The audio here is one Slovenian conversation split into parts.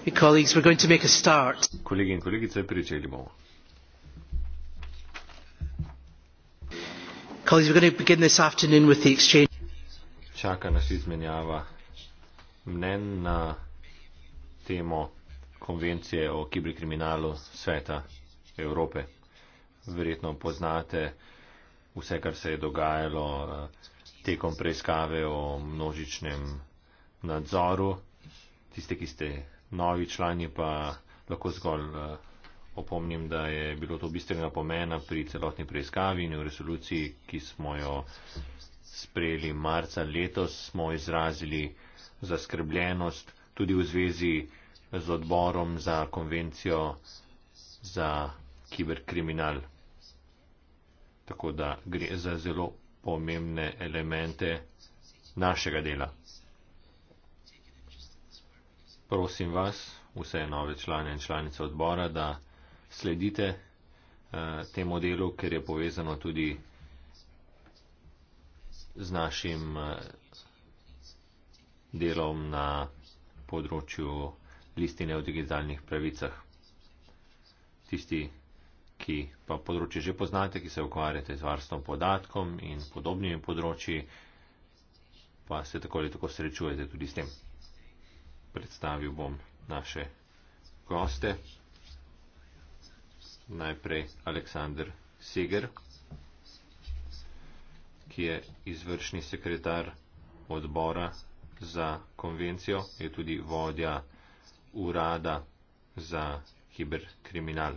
Kolegi in kolegice, pričeli bomo. Čaka nas izmenjava mnen na temo konvencije o kiberkriminalu sveta Evrope. Verjetno poznate vse, kar se je dogajalo eh, tekom preiskave o množičnem nadzoru. Tiste, ki ste novi člani pa lahko zgolj eh, opomnim, da je bilo to bistvenega pomena pri celotni preiskavi in v resoluciji, ki smo jo sprejeli marca letos, smo izrazili zaskrbljenost tudi v zvezi z odborom za konvencijo za kiberkriminal. Tako da gre za zelo pomembne elemente našega dela prosim vas, vse nove člane in članice odbora, da sledite eh, temu delu, ker je povezano tudi z našim eh, delom na področju listine o digitalnih pravicah. Tisti, ki pa področje že poznate, ki se ukvarjate z varstvom podatkom in podobnimi področji, pa se tako ali tako srečujete tudi s tem predstavil bom naše goste. Najprej Aleksandr Seger, ki je izvršni sekretar odbora za konvencijo, je tudi vodja urada za kiberkriminal.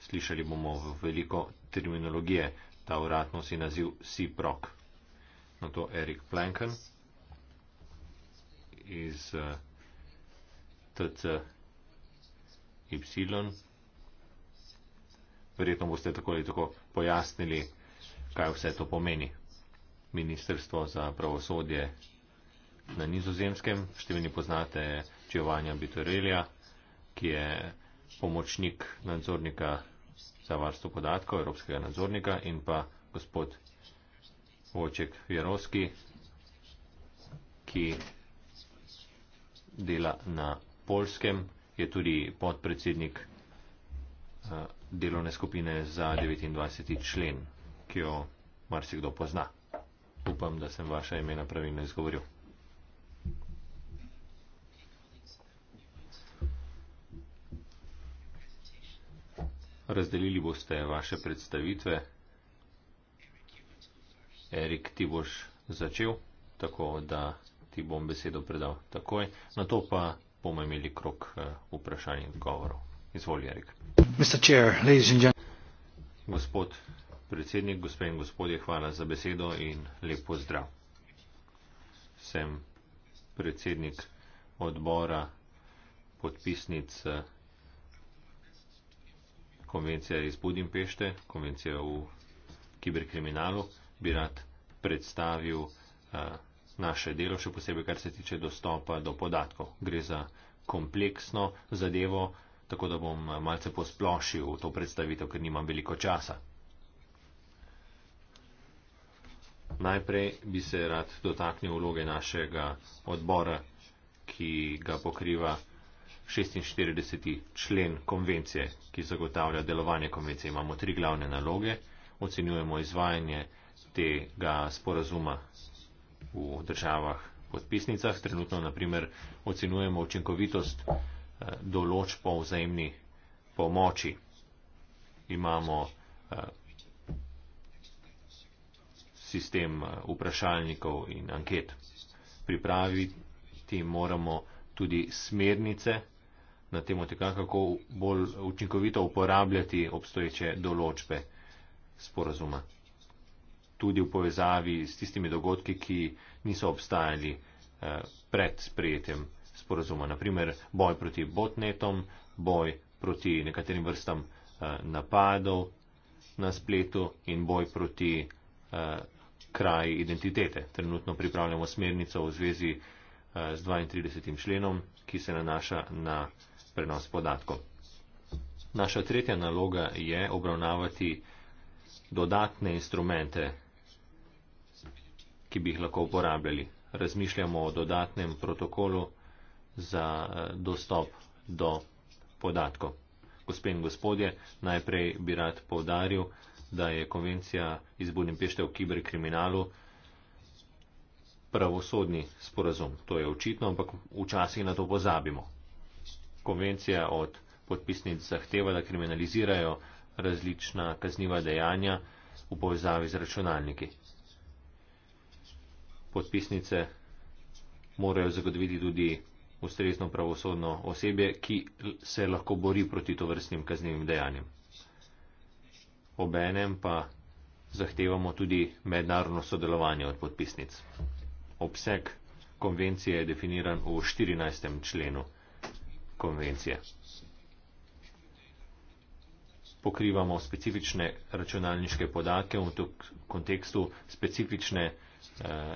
Slišali bomo veliko terminologije, ta urad nosi naziv CIPROC. Na to Erik Planken iz uh, tc y. Verjetno boste tako ali tako pojasnili, kaj vse to pomeni. Ministrstvo za pravosodje na nizozemskem, številni poznate Čevanja Bitorelja, ki je pomočnik nadzornika za varstvo podatkov, evropskega nadzornika in pa gospod Voček Jerovski, ki dela na Polskem, je tudi podpredsednik eh, delovne skupine za 29. člen, ki jo marsikdo pozna. Upam, da sem vaša imena pravilno izgovoril. Razdelili boste vaše predstavitve. Erik, ti boš začel, tako da ti bom besedo predal takoj. Na to pa bomo imeli krok eh, vprašanj in odgovorov. Izvolj, Erik. Gospod predsednik, gospe in gospodje, hvala za besedo in lepo zdrav. Sem predsednik odbora podpisnic eh, konvencije iz Budimpešte, konvencije v kiberkriminalu, bi rad predstavil uh, naše delo, še posebej kar se tiče dostopa do podatkov. Gre za kompleksno zadevo, tako da bom malce posplošil to predstavitev, ker nimam veliko časa. Najprej bi se rad dotaknil vloge našega odbora, ki ga pokriva 46. člen konvencije, ki zagotavlja delovanje konvencije. Imamo tri glavne naloge. Ocenjujemo izvajanje tega sporazuma v državah podpisnicah. Trenutno, naprimer, ocenujemo učinkovitost eh, določ po vzajemni pomoči. Imamo eh, sistem eh, vprašalnikov in anket. Pripraviti moramo tudi smernice na temo tega, kako bolj učinkovito uporabljati obstoječe določbe sporazuma tudi v povezavi s tistimi dogodki, ki niso obstajali eh, pred sprejetjem sporozuma. Naprimer, boj proti botnetom, boj proti nekaterim vrstam eh, napadov na spletu in boj proti eh, kraj identitete. Trenutno pripravljamo smernico v zvezi z 32. členom, ki se nanaša na prenos podatkov. Naša tretja naloga je obravnavati dodatne instrumente ki bi jih lahko uporabljali. Razmišljamo o dodatnem protokolu za eh, dostop do podatkov. Gospe in gospodje, najprej bi rad povdaril, da je konvencija iz Budimpešte o kiberkriminalu pravosodni sporazum. To je očitno, ampak včasih na to pozabimo. Konvencija od podpisnic zahteva, da kriminalizirajo različna kazniva dejanja v povezavi z računalniki podpisnice morajo zagotoviti tudi ustrezno pravosodno osebje, ki se lahko bori proti to vrstnim kaznjivim dejanjem. Obenem pa zahtevamo tudi mednarodno sodelovanje od podpisnic. Obseg konvencije je definiran v 14. členu konvencije. Pokrivamo specifične računalniške podatke v kontekstu specifične eh,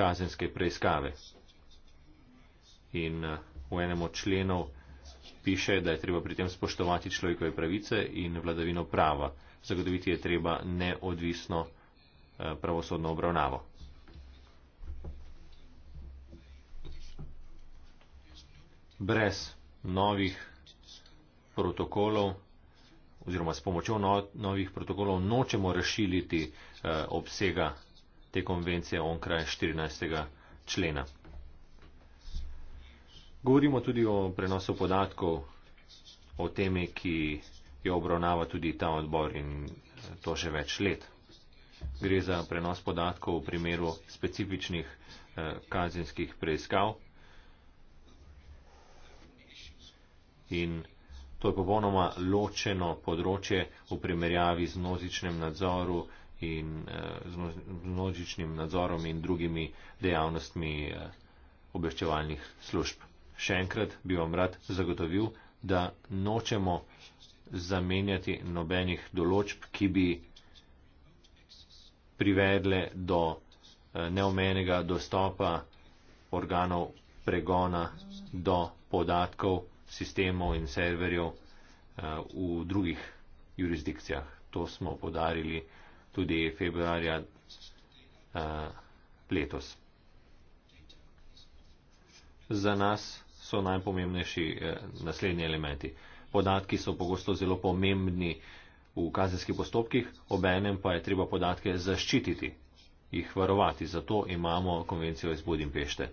kazenske preiskave. In eh, v enem od členov piše, da je treba pri tem spoštovati človekove pravice in vladavino prava. Zagotoviti je treba neodvisno eh, pravosodno obravnavo. Brez novih protokolov oziroma s pomočjo no, novih protokolov nočemo rešiliti eh, obsega te konvencije onkraj 14. člena. Govorimo tudi o prenosu podatkov, o temi, ki jo obravnava tudi ta odbor in to že več let. Gre za prenos podatkov v primeru specifičnih eh, kazenskih preiskav in to je popolnoma ločeno področje v primerjavi z množičnim nadzorom in eh, z množičnim nadzorom in drugimi dejavnostmi eh, obveščevalnih služb. Še enkrat bi vam rad zagotovil, da nočemo zamenjati nobenih določb, ki bi privedle do eh, neomenega dostopa organov pregona do podatkov, sistemov in serverjev v drugih jurisdikcijah. To smo podarili tudi februarja uh, letos. Za nas so najpomembnejši uh, naslednji elementi. Podatki so pogosto zelo pomembni v kazenskih postopkih, obenem pa je treba podatke zaščititi, jih varovati. Zato imamo konvencijo iz Budimpešte.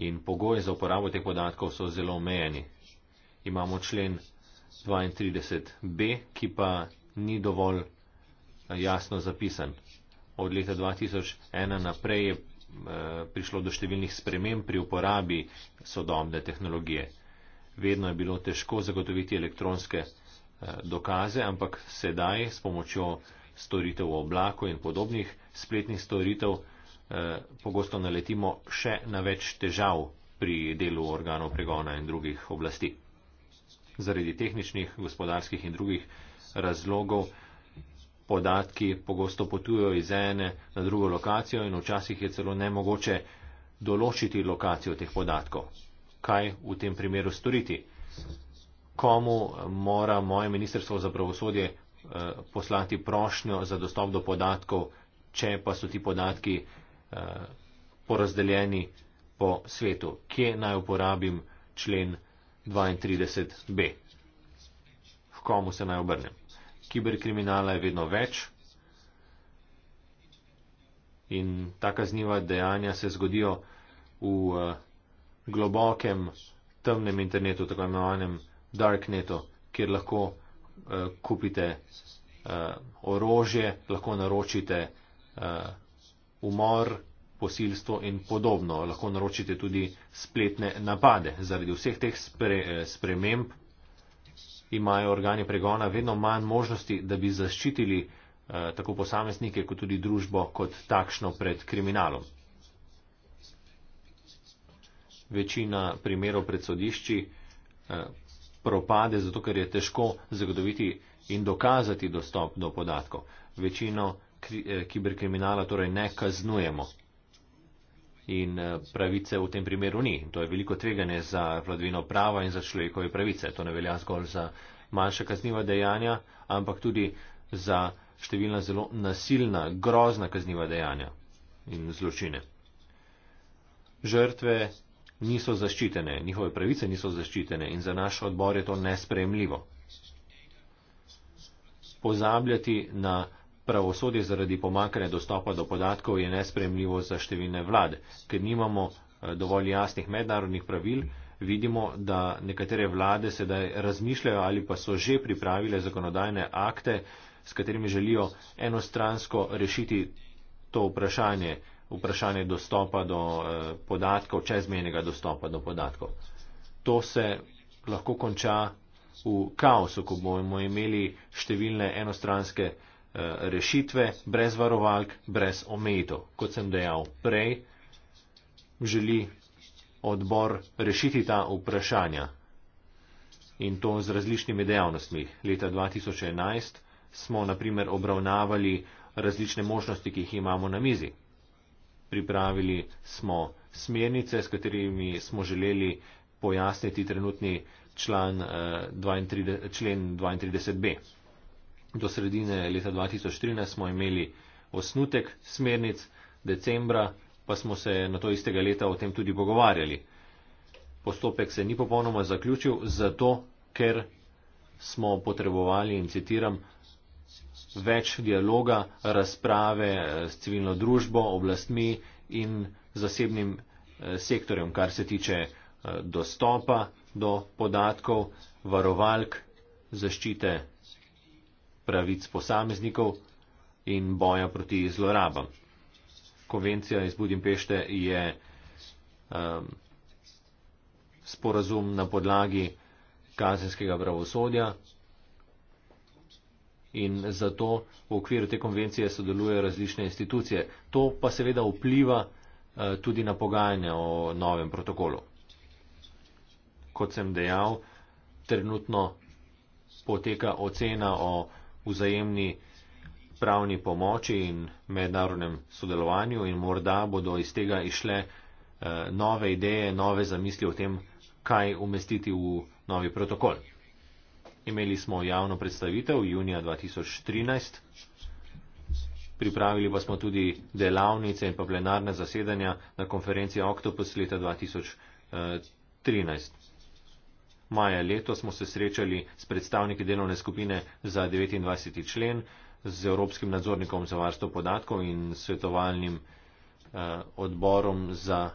In pogoji za uporabo teh podatkov so zelo omejeni imamo člen 32b, ki pa ni dovolj eh, jasno zapisan. Od leta 2001 naprej je eh, prišlo do številnih sprememb pri uporabi sodobne tehnologije. Vedno je bilo težko zagotoviti elektronske eh, dokaze, ampak sedaj s pomočjo storitev v oblaku in podobnih spletnih storitev pogosto naletimo še na več težav pri delu organov pregona in drugih oblasti zaradi tehničnih, gospodarskih in drugih razlogov podatki pogosto potujejo iz ene na drugo lokacijo in včasih je celo nemogoče določiti lokacijo teh podatkov. Kaj v tem primeru storiti? Komu mora moje ministrstvo za pravosodje eh, poslati prošnjo za dostop do podatkov, če pa so ti podatki eh, porazdeljeni po svetu? Kje naj uporabim člen? 32b. V komu se naj obrnem? Kiberkriminala je vedno več in ta kazniva dejanja se zgodijo v eh, globokem, temnem internetu, tako imenovanem darknetu, kjer lahko uh, kupite uh, orožje, lahko naročite uh, umor, posilstvo in podobno. Lahko naročite tudi spletne napade. Zaradi vseh teh spre, eh, sprememb imajo organi pregona vedno manj možnosti, da bi zaščitili eh, tako posameznike kot tudi družbo kot takšno pred kriminalom. Večina primerov pred sodišči eh, propade, zato ker je težko zagotoviti in dokazati dostop do podatkov. Večino eh, kiberkriminala torej ne kaznujemo in eh, pravice v tem primeru ni. To je veliko tveganje za vladvino prava in za človekove pravice. To ne velja zgolj za manjša kazniva dejanja, ampak tudi za številna zelo nasilna, grozna kazniva dejanja in zločine. Žrtve niso zaščitene, njihove pravice niso zaščitene in za naš odbor je to nespremljivo. Pozabljati na pravosodje zaradi pomankanja dostopa do podatkov je nespremljivo za številne vlade, ker nimamo eh, dovolj jasnih mednarodnih pravil, vidimo, da nekatere vlade sedaj razmišljajo ali pa so že pripravile zakonodajne akte, s katerimi želijo enostransko rešiti to vprašanje, vprašanje dostopa do eh, podatkov, čezmenjega dostopa do podatkov. To se lahko konča v kaosu, ko bomo imeli številne enostranske Eh, rešitve, brez varovalk, brez omejitev. Kot sem dejal prej, želi odbor rešiti ta vprašanja in to z različnimi dejavnostmi. Leta 2011 smo naprimer obravnavali različne možnosti, ki jih imamo na mizi. Pripravili smo smernice, s katerimi smo želeli pojasniti trenutni član, eh, 32, člen 32b. Do sredine leta 2013 smo imeli osnutek smernic, decembra pa smo se na to istega leta o tem tudi pogovarjali. Postopek se ni popolnoma zaključil, zato ker smo potrebovali, in citiram, več dialoga, razprave eh, s civilno družbo, oblastmi in zasebnim eh, sektorjem, kar se tiče eh, dostopa do podatkov, varovalk, zaščite pravic posameznikov in boja proti zlorabam. Konvencija iz Budimpešte je um, sporazum na podlagi kazenskega pravosodja in zato v okviru te konvencije sodelujejo različne institucije. To pa seveda vpliva uh, tudi na pogajanja o novem protokolu. Kot sem dejal, trenutno poteka ocena o vzajemni pravni pomoči in mednarodnem sodelovanju in morda bodo iz tega išle eh, nove ideje, nove zamisli o tem, kaj umestiti v novi protokol. Imeli smo javno predstavitev junija 2013, pripravili pa smo tudi delavnice in pa plenarne zasedanja na konferenci Octopus leta 2013 maja leto smo se srečali s predstavniki delovne skupine za 29. člen, z Evropskim nadzornikom za varstvo podatkov in svetovalnim eh, odborom za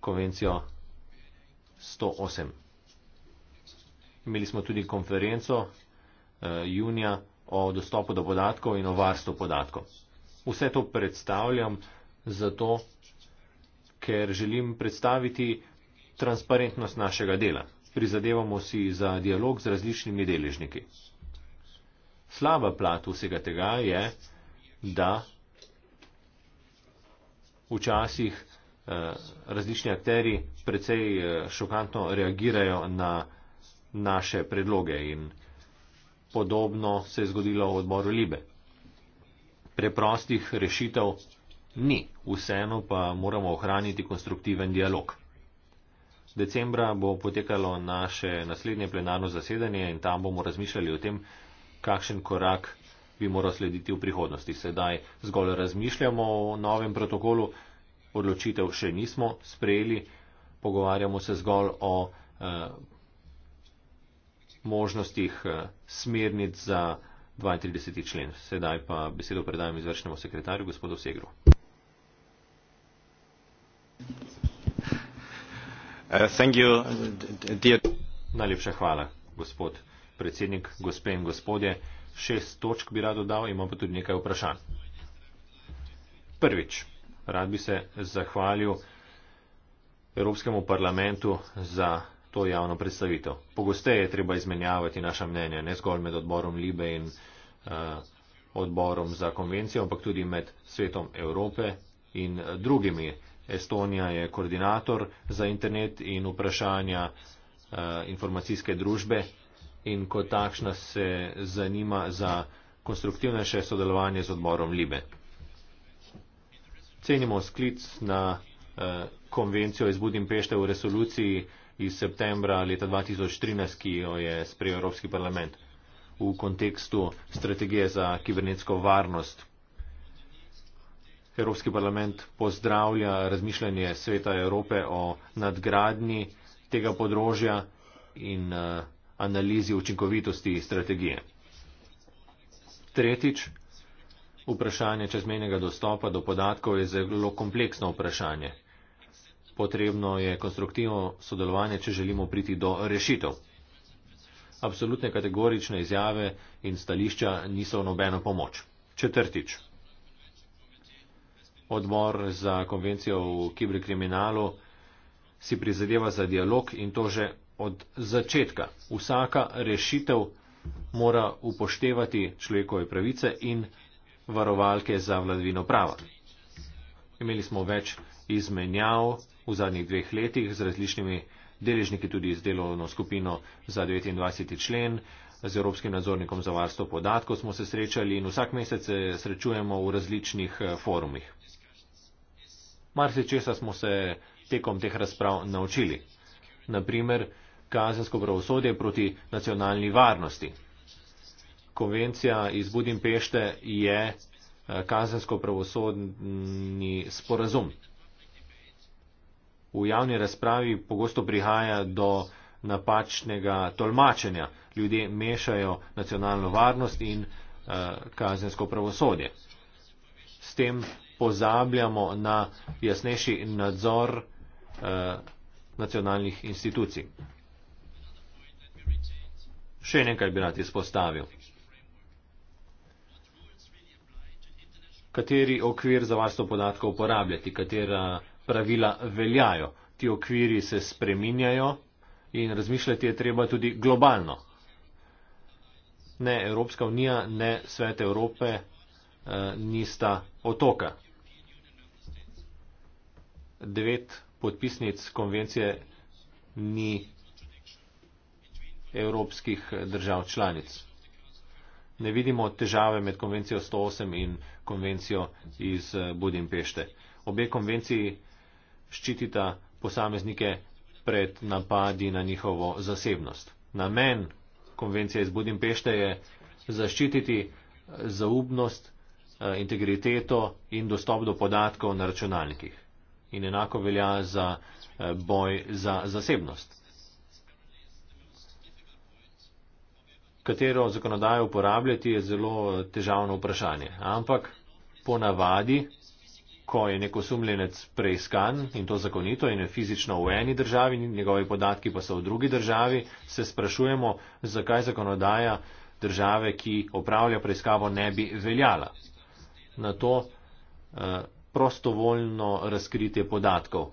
konvencijo 108. Imeli smo tudi konferenco eh, junija o dostopu do podatkov in o varstvu podatkov. Vse to predstavljam zato, ker želim predstaviti transparentnost našega dela prizadevamo si za dialog z različnimi deležniki. Slaba plat vsega tega je, da včasih eh, različni akteri precej eh, šokantno reagirajo na naše predloge in podobno se je zgodilo v odboru Libe. Preprostih rešitev ni, vseeno pa moramo ohraniti konstruktiven dialog. Decembra bo potekalo naše naslednje plenarno zasedanje in tam bomo razmišljali o tem, kakšen korak bi moral slediti v prihodnosti. Sedaj zgolj razmišljamo o novem protokolu, odločitev še nismo sprejeli, pogovarjamo se zgolj o eh, možnostih eh, smernic za 32. člen. Sedaj pa besedo predajam izvršnemu sekretarju, gospodu Segru. Uh, najlepša hvala gospod predsednik gospe in gospodje šest točk bi rad dodal imam pa tudi nekaj vprašanj prvič rad bi se zahvalil evropskemu parlamentu za to javno predstavitev pogosteje je treba izmenjavati naša mnenja ne zgolj med odborom libe in uh, odborom za konvencijo ampak tudi med svetom evrope in drugimi Estonija je koordinator za internet in vprašanja uh, informacijske družbe in kot takšna se zanima za konstruktivnejše sodelovanje z odborom Libe. Cenimo sklic na uh, konvencijo iz Budimpešte v resoluciji iz septembra leta 2013, ki jo je sprejel Evropski parlament v kontekstu strategije za kibernetsko varnost, Evropski parlament pozdravlja razmišljanje sveta Evrope o nadgradnji tega področja in eh, analizi učinkovitosti strategije. Tretjič, vprašanje čezmenjega dostopa do podatkov je zelo kompleksno vprašanje. Potrebno je konstruktivno sodelovanje, če želimo priti do rešitev. Absolutne kategorične izjave in stališča niso nobeno pomoč. Četrtič odbor za konvencijo o kiberkriminalu si prizadeva za dialog in to že od začetka. Vsaka rešitev mora upoštevati človekove pravice in varovalke za vladvino prava. Imeli smo več izmenjav v zadnjih dveh letih z različnimi deležniki tudi z delovno skupino za 29. člen, z Evropskim nadzornikom za varstvo podatkov smo se srečali in vsak mesec se srečujemo v različnih eh, forumih. Marsi česa smo se tekom teh razprav naučili. Naprimer, kazensko pravosodje proti nacionalni varnosti. Konvencija iz Budimpešte je eh, kazensko pravosodni sporazum. V javni razpravi pogosto prihaja do napačnega tolmačenja. Ljudje mešajo nacionalno varnost in eh, kazensko pravosodje. S tem pozabljamo na jasnejši nadzor eh, nacionalnih institucij. Še nekaj bi rad izpostavil. Kateri okvir za varstvo podatkov uporabljati, katera pravila veljajo. Ti okviri se spreminjajo in razmišljati je treba tudi globalno. Ne Evropska unija, ne Svet Evrope eh, nista otoka devet podpisnic konvencije ni evropskih držav članic. Ne vidimo težave med konvencijo 108 in konvencijo iz eh, Budimpešte. Obe konvenciji ščitita posameznike pred napadi na njihovo zasebnost. Namen konvencije iz Budimpešte je zaščititi eh, zaupnost, eh, integriteto in dostop do podatkov na računalnikih in enako velja za eh, boj za zasebnost. Katero zakonodajo uporabljati je zelo težavno vprašanje, ampak ponavadi, ko je nek osumljenec preiskan in to zakonito in je fizično v eni državi, njegovi podatki pa so v drugi državi, se sprašujemo, zakaj zakonodaja države, ki opravlja preiskavo, ne bi veljala. Na to eh, prostovoljno razkritje podatkov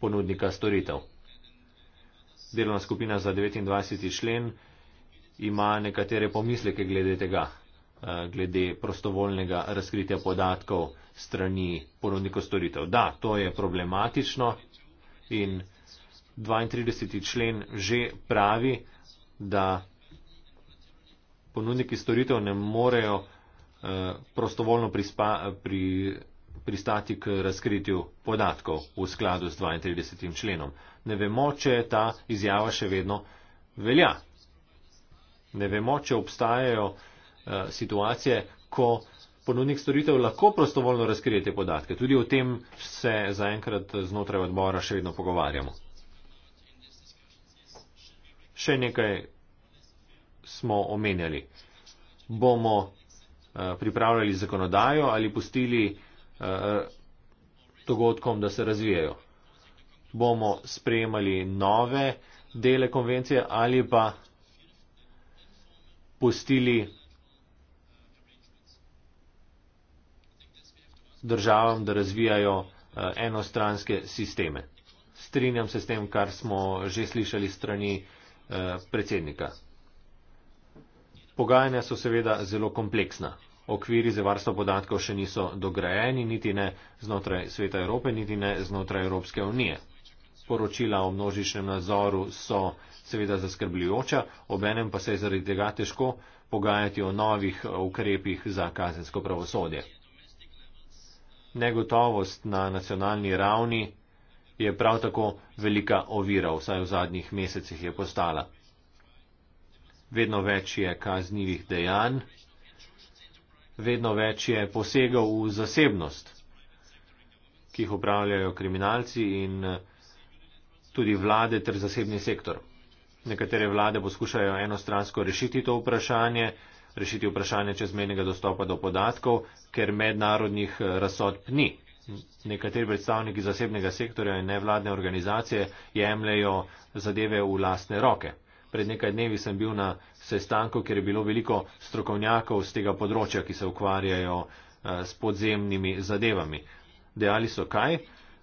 ponudnika storitev. Delovna skupina za 29. člen ima nekatere pomisleke glede tega, eh, glede prostovoljnega razkritja podatkov strani ponudnikov storitev. Da, to je problematično in 32. člen že pravi, da ponudniki storitev ne morejo Eh, prostovoljno prispa, pri, pristati k razkritju podatkov v skladu s 32. členom. Ne vemo, če ta izjava še vedno velja. Ne vemo, če obstajajo eh, situacije, ko ponudnik storitev lahko prostovoljno razkrije te podatke. Tudi o tem se zaenkrat znotraj odbora še vedno pogovarjamo. Še nekaj smo omenjali. Bomo Eh, pripravljali zakonodajo ali pustili eh, dogodkom, da se razvijajo. Bomo sprejemali nove dele konvencije ali pa pustili državam, da razvijajo eh, enostranske sisteme. Strinjam se s tem, kar smo že slišali strani predsednika. Pogajanja so seveda zelo kompleksna. Okviri za varstvo podatkov še niso dograjeni, niti ne znotraj sveta Evrope, niti ne znotraj Evropske unije. Poročila o množičnem nadzoru so seveda zaskrbljujoča, obenem pa se je zaradi tega težko pogajati o novih ukrepih za kazensko pravosodje. Negotovost na nacionalni ravni je prav tako velika ovira, vsaj v zadnjih mesecih je postala vedno več je kaznjivih dejanj, vedno več je posegal v zasebnost, ki jih upravljajo kriminalci in eh, tudi vlade ter zasebni sektor. Nekatere vlade poskušajo enostransko rešiti to vprašanje, rešiti vprašanje čezmenjega dostopa do podatkov, ker mednarodnih eh, razsodb ni. Nekateri predstavniki zasebnega sektorja in nevladne organizacije jemljajo zadeve v lastne roke pred nekaj dnevi sem bil na sestanku, kjer je bilo veliko strokovnjakov z tega področja, ki se ukvarjajo eh, s podzemnimi zadevami. Dejali so kaj?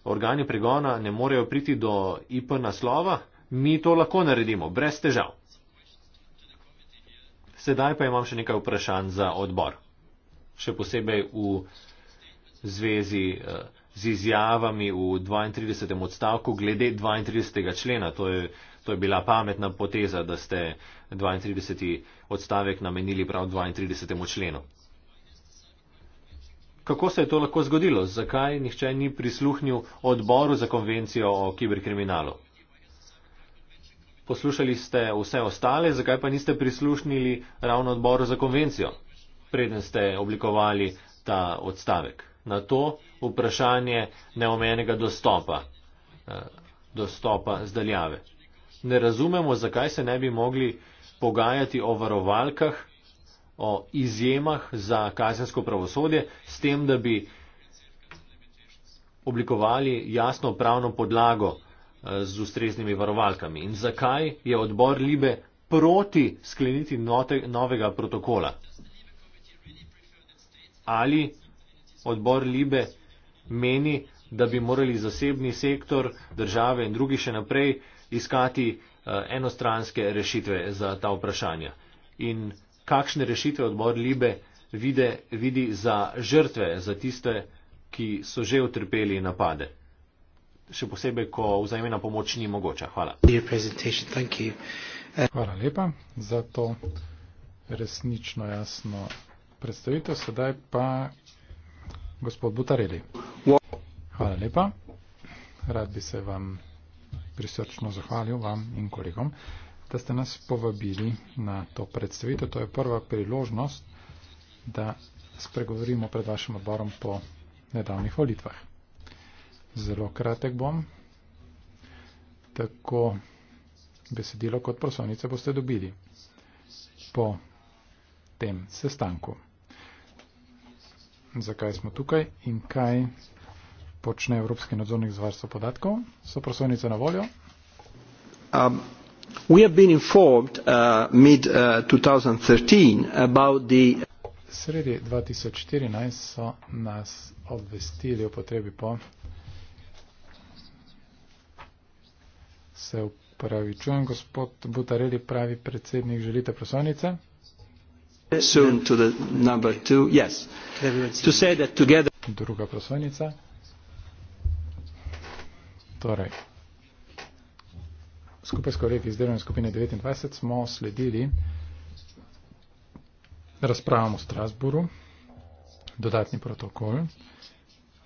Organi pregona ne morejo priti do IP naslova, mi to lahko naredimo, brez težav. Sedaj pa imam še nekaj vprašanj za odbor. Še posebej v zvezi eh, z izjavami v 32. odstavku glede 32. člena. To je To je bila pametna poteza, da ste 32. odstavek namenili prav 32. členu. Kako se je to lahko zgodilo? Zakaj nihče ni prisluhnil odboru za konvencijo o kiberkriminalu? Poslušali ste vse ostale, zakaj pa niste prisluhnili ravno odboru za konvencijo, preden ste oblikovali ta odstavek? Na to vprašanje neomenega dostopa, eh, dostopa zdaljave ne razumemo, zakaj se ne bi mogli pogajati o varovalkah, o izjemah za kazensko pravosodje, s tem, da bi oblikovali jasno pravno podlago eh, z ustreznimi varovalkami. In zakaj je odbor Libe proti skleniti note, novega protokola? Ali odbor Libe meni, da bi morali zasebni sektor, države in drugi še naprej uh, iskati eh, enostranske rešitve za ta vprašanja. In kakšne rešitve odbor Libe vide, vidi za žrtve, za tiste, ki so že utrpeli napade. Še posebej, ko vzajemna pomoč ni mogoča. Hvala. Uh, Hvala lepa za to resnično jasno predstavitev. Sedaj pa gospod Butareli. Hvala lepa. Rad bi se vam prisrčno zahvalil vam in kolegom, da ste nas povabili na to predstavitev. To je prva priložnost, da spregovorimo pred vašim odborom po nedavnih volitvah. Zelo kratek bom. Tako besedilo kot prosovnice boste dobili po tem sestanku. Zakaj smo tukaj in kaj počne Evropski nadzornik za varstvo podatkov. So prosojnice na voljo? Um. We have been informed uh, mid uh, 2013 about the Sredi 2014 so nas obvestili o potrebi po Se upravi čujem, gospod Butareli pravi predsednik, želite prosojnice? Soon to the number two, yes. To say that together... Druga prosojnica. Torej, skupaj s kolegi iz delovne skupine 29 smo sledili razpravam v Strasburu. Dodatni protokol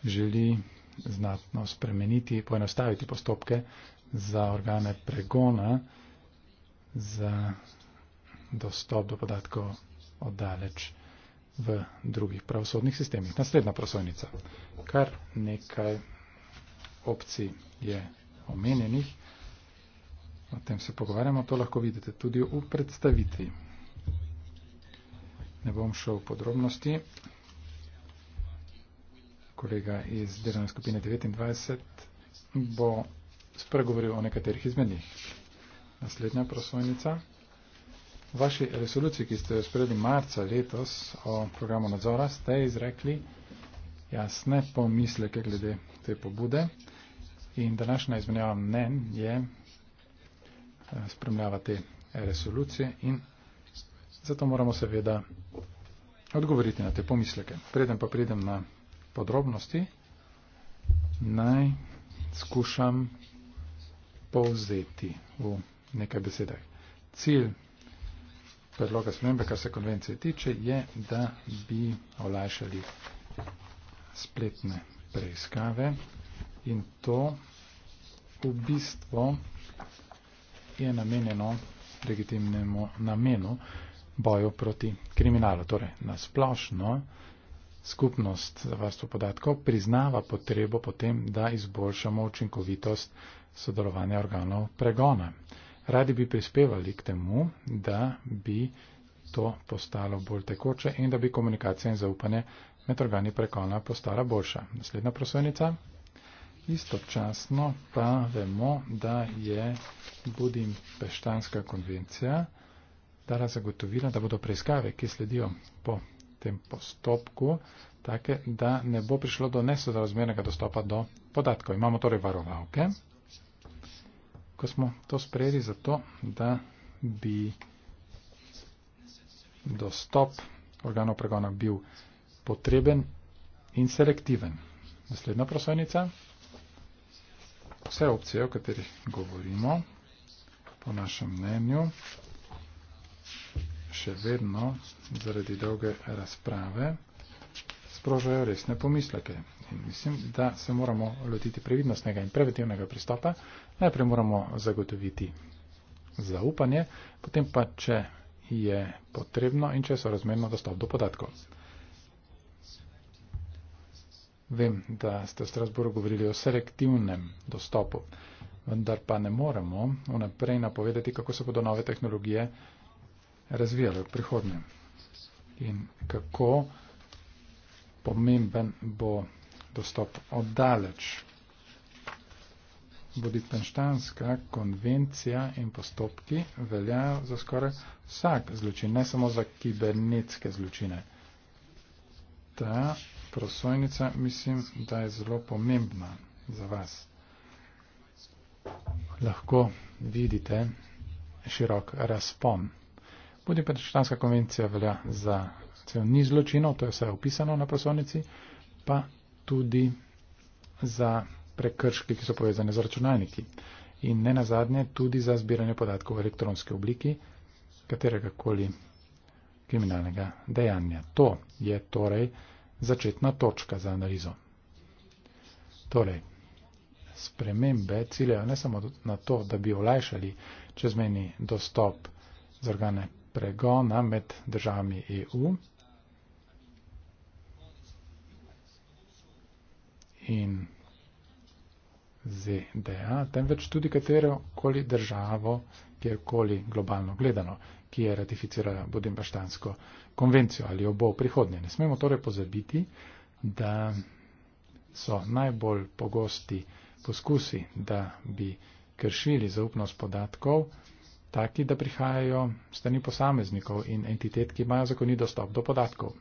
želi znatno spremeniti, poenostaviti postopke za organe pregona za dostop do podatkov oddaleč v drugih pravosodnih sistemih. Naslednja prosojnica. Kar nekaj opcij je omenjenih. O tem se pogovarjamo, to lahko vidite tudi v predstavitvi. Ne bom šel v podrobnosti. Kolega iz delovne skupine 29 bo spregovoril o nekaterih izmenih. Naslednja prosojnica. V vaši resoluciji, ki ste jo sprejeli marca letos o programu nadzora, ste izrekli, jasne pomisleke glede te pobude. In današnja izmenjava mnen je eh, spremljava te resolucije in zato moramo seveda odgovoriti na te pomisleke. Preden pa pridem na podrobnosti, naj skušam povzeti v nekaj besedah. Cilj predloga spremembe, kar se konvencije tiče, je, da bi olajšali spletne preiskave in to v bistvu je namenjeno legitimnemu namenu boju proti kriminalu. Torej, nasplošno skupnost za varstvo podatkov priznava potrebo potem, da izboljšamo učinkovitost sodelovanja organov pregona. Radi bi prispevali k temu, da bi to postalo bolj tekoče in da bi komunikacija in zaupanje med organi prekona postala boljša. Naslednja prosojnica. Istočasno pa vemo, da je Budimpeštanska konvencija dala zagotovila, da bodo preiskave, ki sledijo po tem postopku, take, da ne bo prišlo do nesodrazmernega dostopa do podatkov. Imamo torej varovalke, ko smo to sprejeli zato, da bi dostop organov pregona bil potreben in selektiven. Naslednja prosojnica. Vse opcije, o katerih govorimo, po našem mnenju, še vedno zaradi dolge razprave sprožajo resne pomisleke. In mislim, da se moramo lotiti previdnostnega in preventivnega pristopa. Najprej moramo zagotoviti zaupanje, potem pa, če je potrebno in če so razmerno dostop do podatkov. Vem, da ste v Strasburu govorili o selektivnem dostopu, vendar pa ne moremo vnaprej napovedati, kako se bodo nove tehnologije razvijale v prihodnje in kako pomemben bo dostop oddaleč. Budipenštanska konvencija in postopki veljajo za skoraj vsak zločin, ne samo za kibernetske zločine. Ta prosojnica, mislim, da je zelo pomembna za vas. Lahko vidite širok razpon. Budi pa članska konvencija velja za cel niz zločinov, to je vse opisano na prosojnici, pa tudi za prekrške, ki so povezane z računalniki. In ne nazadnje tudi za zbiranje podatkov v elektronski obliki kateregakoli kriminalnega dejanja. To je torej začetna točka za analizo. Torej, spremembe ciljajo ne samo na to, da bi olajšali čezmeni dostop z organe pregona med državami EU in ZDA, temveč tudi katero koli državo kjerkoli globalno gledano, ki je ratificirala Budimbaštansko konvencijo ali jo bo v prihodnje. Ne smemo torej pozabiti, da so najbolj pogosti poskusi, da bi kršili zaupnost podatkov, taki, da prihajajo strani posameznikov in entitet, ki imajo zakonit dostop do podatkov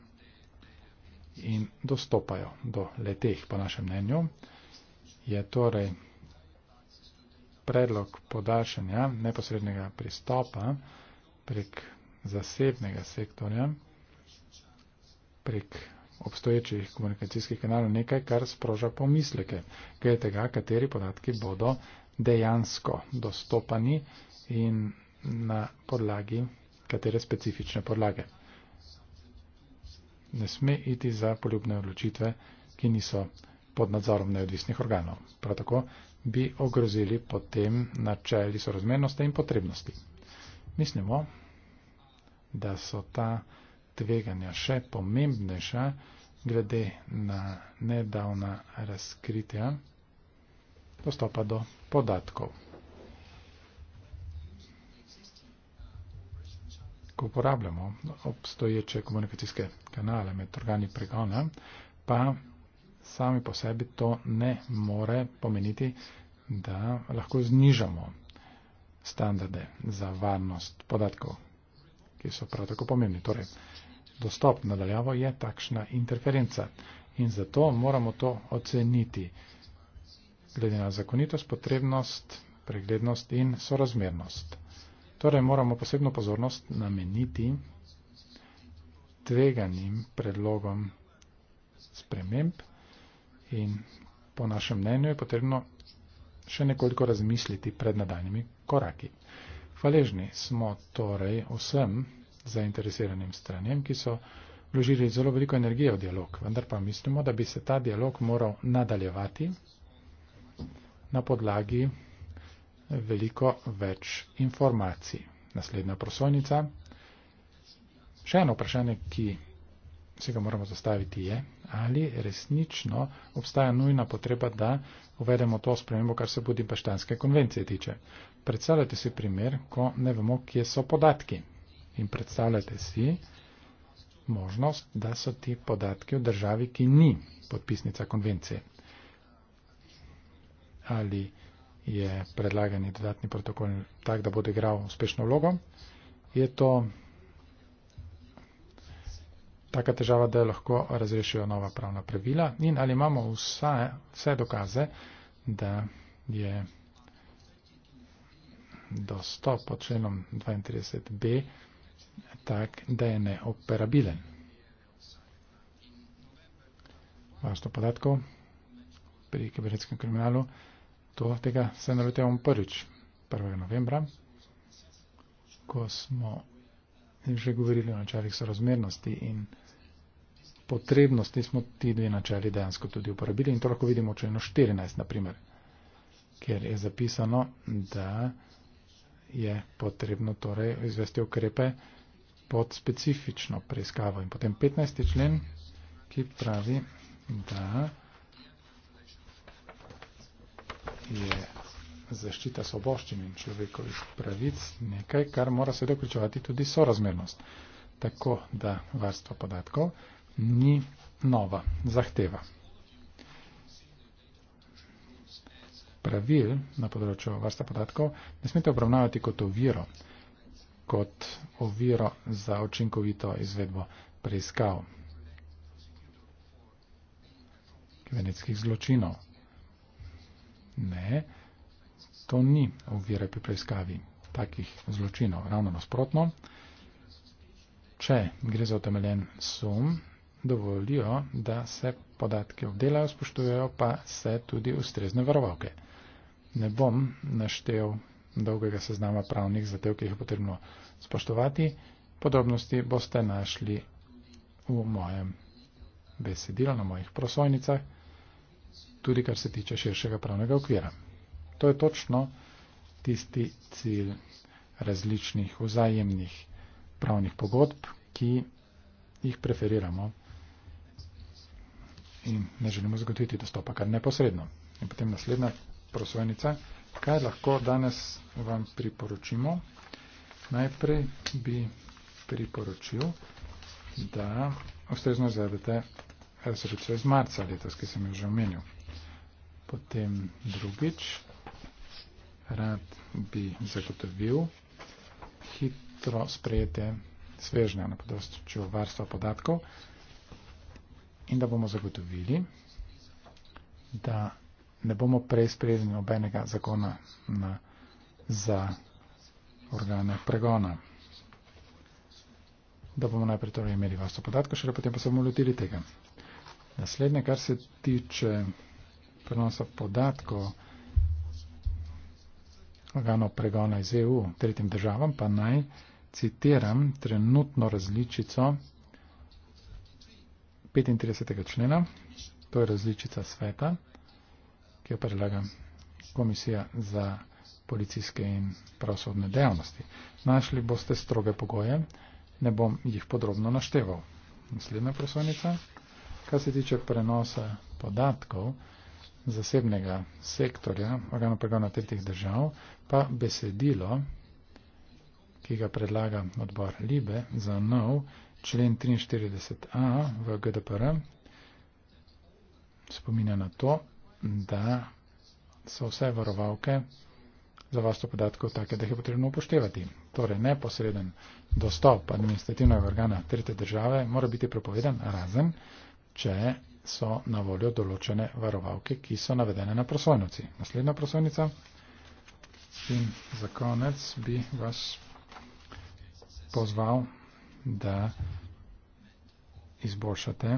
in dostopajo do leteh, po našem mnenju. Je torej predlog podaljšanja neposrednega pristopa prek zasebnega sektorja, prek obstoječih komunikacijskih kanalov, nekaj, kar sproža pomisleke, kaj je tega, kateri podatki bodo dejansko dostopani in na podlagi, katere specifične podlage. Ne sme iti za poljubne odločitve, ki niso pod nadzorom neodvisnih organov. Prav tako bi ogrozili potem načeli sorazmernosti in potrebnosti. Mislimo, da so ta tveganja še pomembnejša glede na nedavna razkritja dostopa do podatkov. Ko uporabljamo obstoječe komunikacijske kanale med organi pregona, pa sami po sebi to ne more pomeniti, da lahko znižamo standarde za varnost podatkov, ki so prav tako pomembni. Torej, dostop nadaljavo je takšna interferenca in zato moramo to oceniti glede na zakonitost, potrebnost, preglednost in sorazmernost. Torej, moramo posebno pozornost nameniti tveganim predlogom sprememb In po našem mnenju je potrebno še nekoliko razmisliti pred nadaljnimi koraki. Hvaležni smo torej vsem zainteresiranim stranjem, ki so vložili zelo veliko energije v dialog, vendar pa mislimo, da bi se ta dialog moral nadaljevati na podlagi veliko več informacij. Naslednja prosojnica. Še eno vprašanje, ki si ga moramo zastaviti, je, ali resnično obstaja nujna potreba, da uvedemo to spremembo, kar se Budimpeštanske konvencije tiče. Predstavljajte si primer, ko ne vemo, kje so podatki. In predstavljajte si možnost, da so ti podatki v državi, ki ni podpisnica konvencije. Ali je predlagani dodatni protokol tak, da bo odigral uspešno vlogo? Je to taka težava, da lahko razrešijo nova pravna pravila in ali imamo vsa, vse dokaze, da je dostop pod členom 32b tak, da je neoperabilen. Vašto podatkov pri kibernetskem kriminalu, to tega se nalutevamo prvič, 1. novembra, ko smo in že govorili o načelih sorazmernosti in potrebnosti, smo ti dve načeli dejansko tudi uporabili in to lahko vidimo v členu 14, naprimer, kjer je zapisano, da je potrebno torej izvesti ukrepe pod specifično preiskavo. In potem 15. člen, ki pravi, da je zaščita svoboščin in človekovih pravic nekaj, kar mora seveda vključevati tudi sorazmernost. Tako da varstvo podatkov ni nova zahteva. Pravil na področju varstva podatkov ne smete obravnavati kot oviro, kot oviro za učinkovito izvedbo preiskav kibernetskih zločinov. Ne. To ni ovira pri preiskavi takih zločinov, ravno nasprotno. Če gre za utemeljen sum, dovolijo, da se podatke obdelajo, spoštujejo pa se tudi ustrezne varovalke. Ne bom naštel dolgega seznama pravnih zatev, ki jih je potrebno spoštovati. Podrobnosti boste našli v mojem besedilu na mojih prosojnicah, tudi kar se tiče širšega pravnega okvira. To je točno tisti cilj različnih vzajemnih pravnih pogodb, ki jih preferiramo in ne želimo zagotoviti dostopa kar neposredno. In potem naslednja prosojnica, kaj lahko danes vam priporočimo. Najprej bi priporočil, da ustrezno zavedete resolucijo iz marca letos, ki sem jo že omenil. Potem drugič, rad bi zagotovil hitro sprejete svežnja na področju varstva podatkov in da bomo zagotovili, da ne bomo prej sprejeli nobenega zakona na, za organe pregona. Da bomo najprej torej imeli varstvo podatkov, šele potem pa se bomo lotili tega. Naslednje, kar se tiče prenosa podatkov, organov pregona iz EU tretjim državam, pa naj citiram trenutno različico 35. člena, to je različica sveta, ki jo predlaga Komisija za policijske in pravosodne dejavnosti. Našli boste stroge pogoje, ne bom jih podrobno našteval. Naslednja prosovnica, kar se tiče prenosa podatkov, zasebnega sektorja, organov pregona tretjih držav, pa besedilo, ki ga predlaga odbor Libe za nov člen 43a v GDPR, spominja na to, da so vse varovalke za vas to podatkov take, da jih je potrebno upoštevati. Torej, neposreden dostop administrativnega organa tretje države mora biti prepovedan, razen, če so na voljo določene varovalke, ki so navedene na prosojnici. Naslednja prosojnica. In za konec bi vas pozval, da izboljšate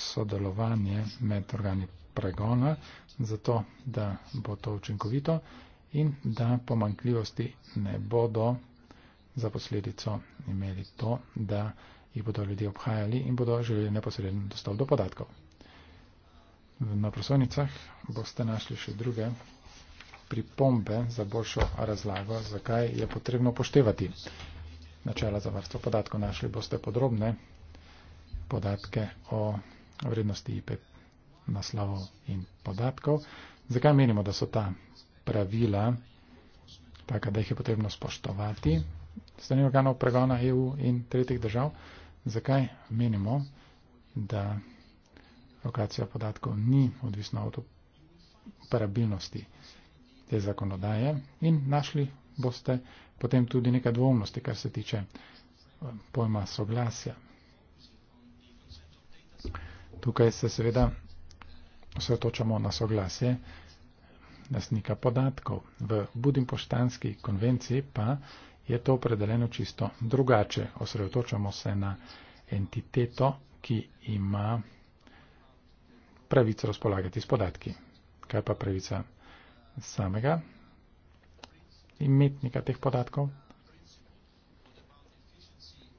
sodelovanje med organi pregona, zato da bo to učinkovito in da pomankljivosti ne bodo za posledico imeli to, da jih bodo ljudje obhajali in bodo želeli neposreden dostop do podatkov. Na prosovnicah boste našli še druge pripombe za boljšo razlago, zakaj je potrebno poštevati načela za varstvo podatkov. Našli boste podrobne podatke o vrednosti IP naslovov in podatkov. Zakaj menimo, da so ta pravila taka, da jih je potrebno spoštovati strani organov pregona EU in tretjih držav? Zakaj menimo, da lokacija podatkov ni odvisna od uporabilnosti te zakonodaje in našli boste potem tudi nekaj dvomnosti, kar se tiče eh, pojma soglasja. Tukaj se seveda osvetočamo na soglasje lastnika podatkov. V Budimpoštanski konvenciji pa je to opredeljeno čisto drugače. Osredotočamo se na entiteto, ki ima pravico razpolagati s podatki. Kaj pa pravica samega imetnika teh podatkov?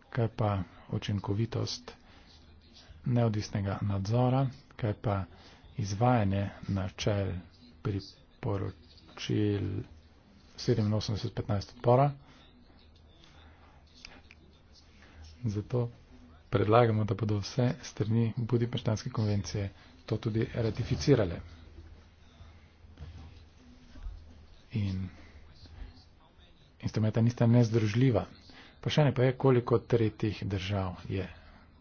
Kaj pa učinkovitost neodvisnega nadzora? Kaj pa izvajanje načel priporočil 87.15 odpora? Zato predlagamo, da bodo vse strani Budipeštanske konvencije to tudi ratificirale. In instrumenta nista nezdružljiva. Vprašanje pa je, koliko tretjih držav je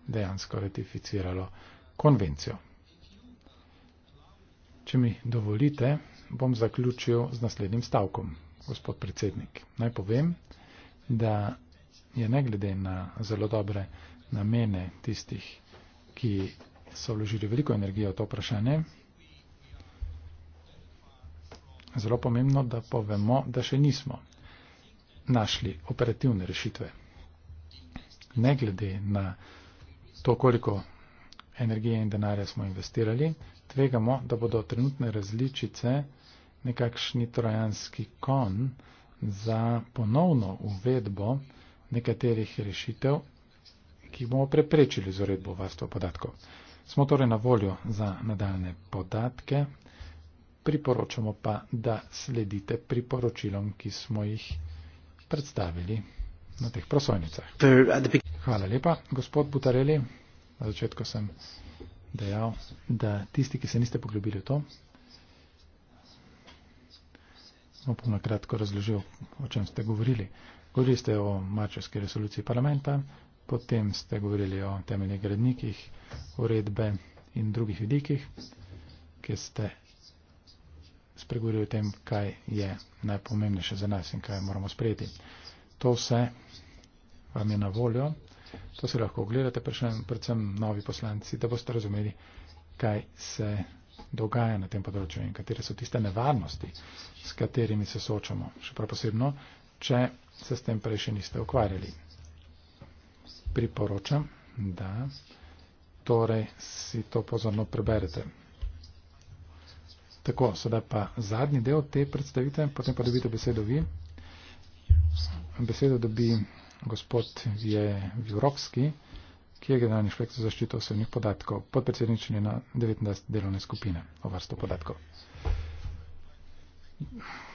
dejansko ratificiralo konvencijo. Če mi dovolite, bom zaključil z naslednjim stavkom, gospod predsednik. Naj povem, da je ne glede na zelo dobre namene tistih, ki so vložili veliko energije v to vprašanje, zelo pomembno, da povemo, da še nismo našli operativne rešitve. Ne glede na to, koliko energije in denarja smo investirali, tvegamo, da bodo trenutne različice nekakšni trojanski kon za ponovno uvedbo nekaterih rešitev, ki bomo preprečili z uredbo varstva podatkov. Smo torej na voljo za nadaljne podatke, priporočamo pa, da sledite priporočilom, ki smo jih predstavili na teh prosojnicah. Hvala lepa, gospod Butareli. Na začetku sem dejal, da tisti, ki se niste poglobili v to, bom pa na kratko razložil, o čem ste govorili. Govorili ste o marčevski resoluciji parlamenta, potem ste govorili o temeljnih gradnikih, uredbe in drugih vidikih, ki ste spregovorili o tem, kaj je najpomembnejše za nas in kaj moramo sprejeti. To vse vam je na voljo, to si lahko ogledate, predvsem novi poslanci, da boste razumeli, kaj se dogaja na tem področju in katere so tiste nevarnosti, s katerimi se soočamo. Še prav posebno če se s tem prej še niste ukvarjali. Priporočam, da torej si to pozorno preberete. Tako, sedaj pa zadnji del te predstavite, potem pa dobite besedo vi. Besedo dobi gospod Je Vjurovski, ki je generalni inšpektor zaščito osebnih podatkov, podpredsednični na 29 delovne skupine o varstvu podatkov.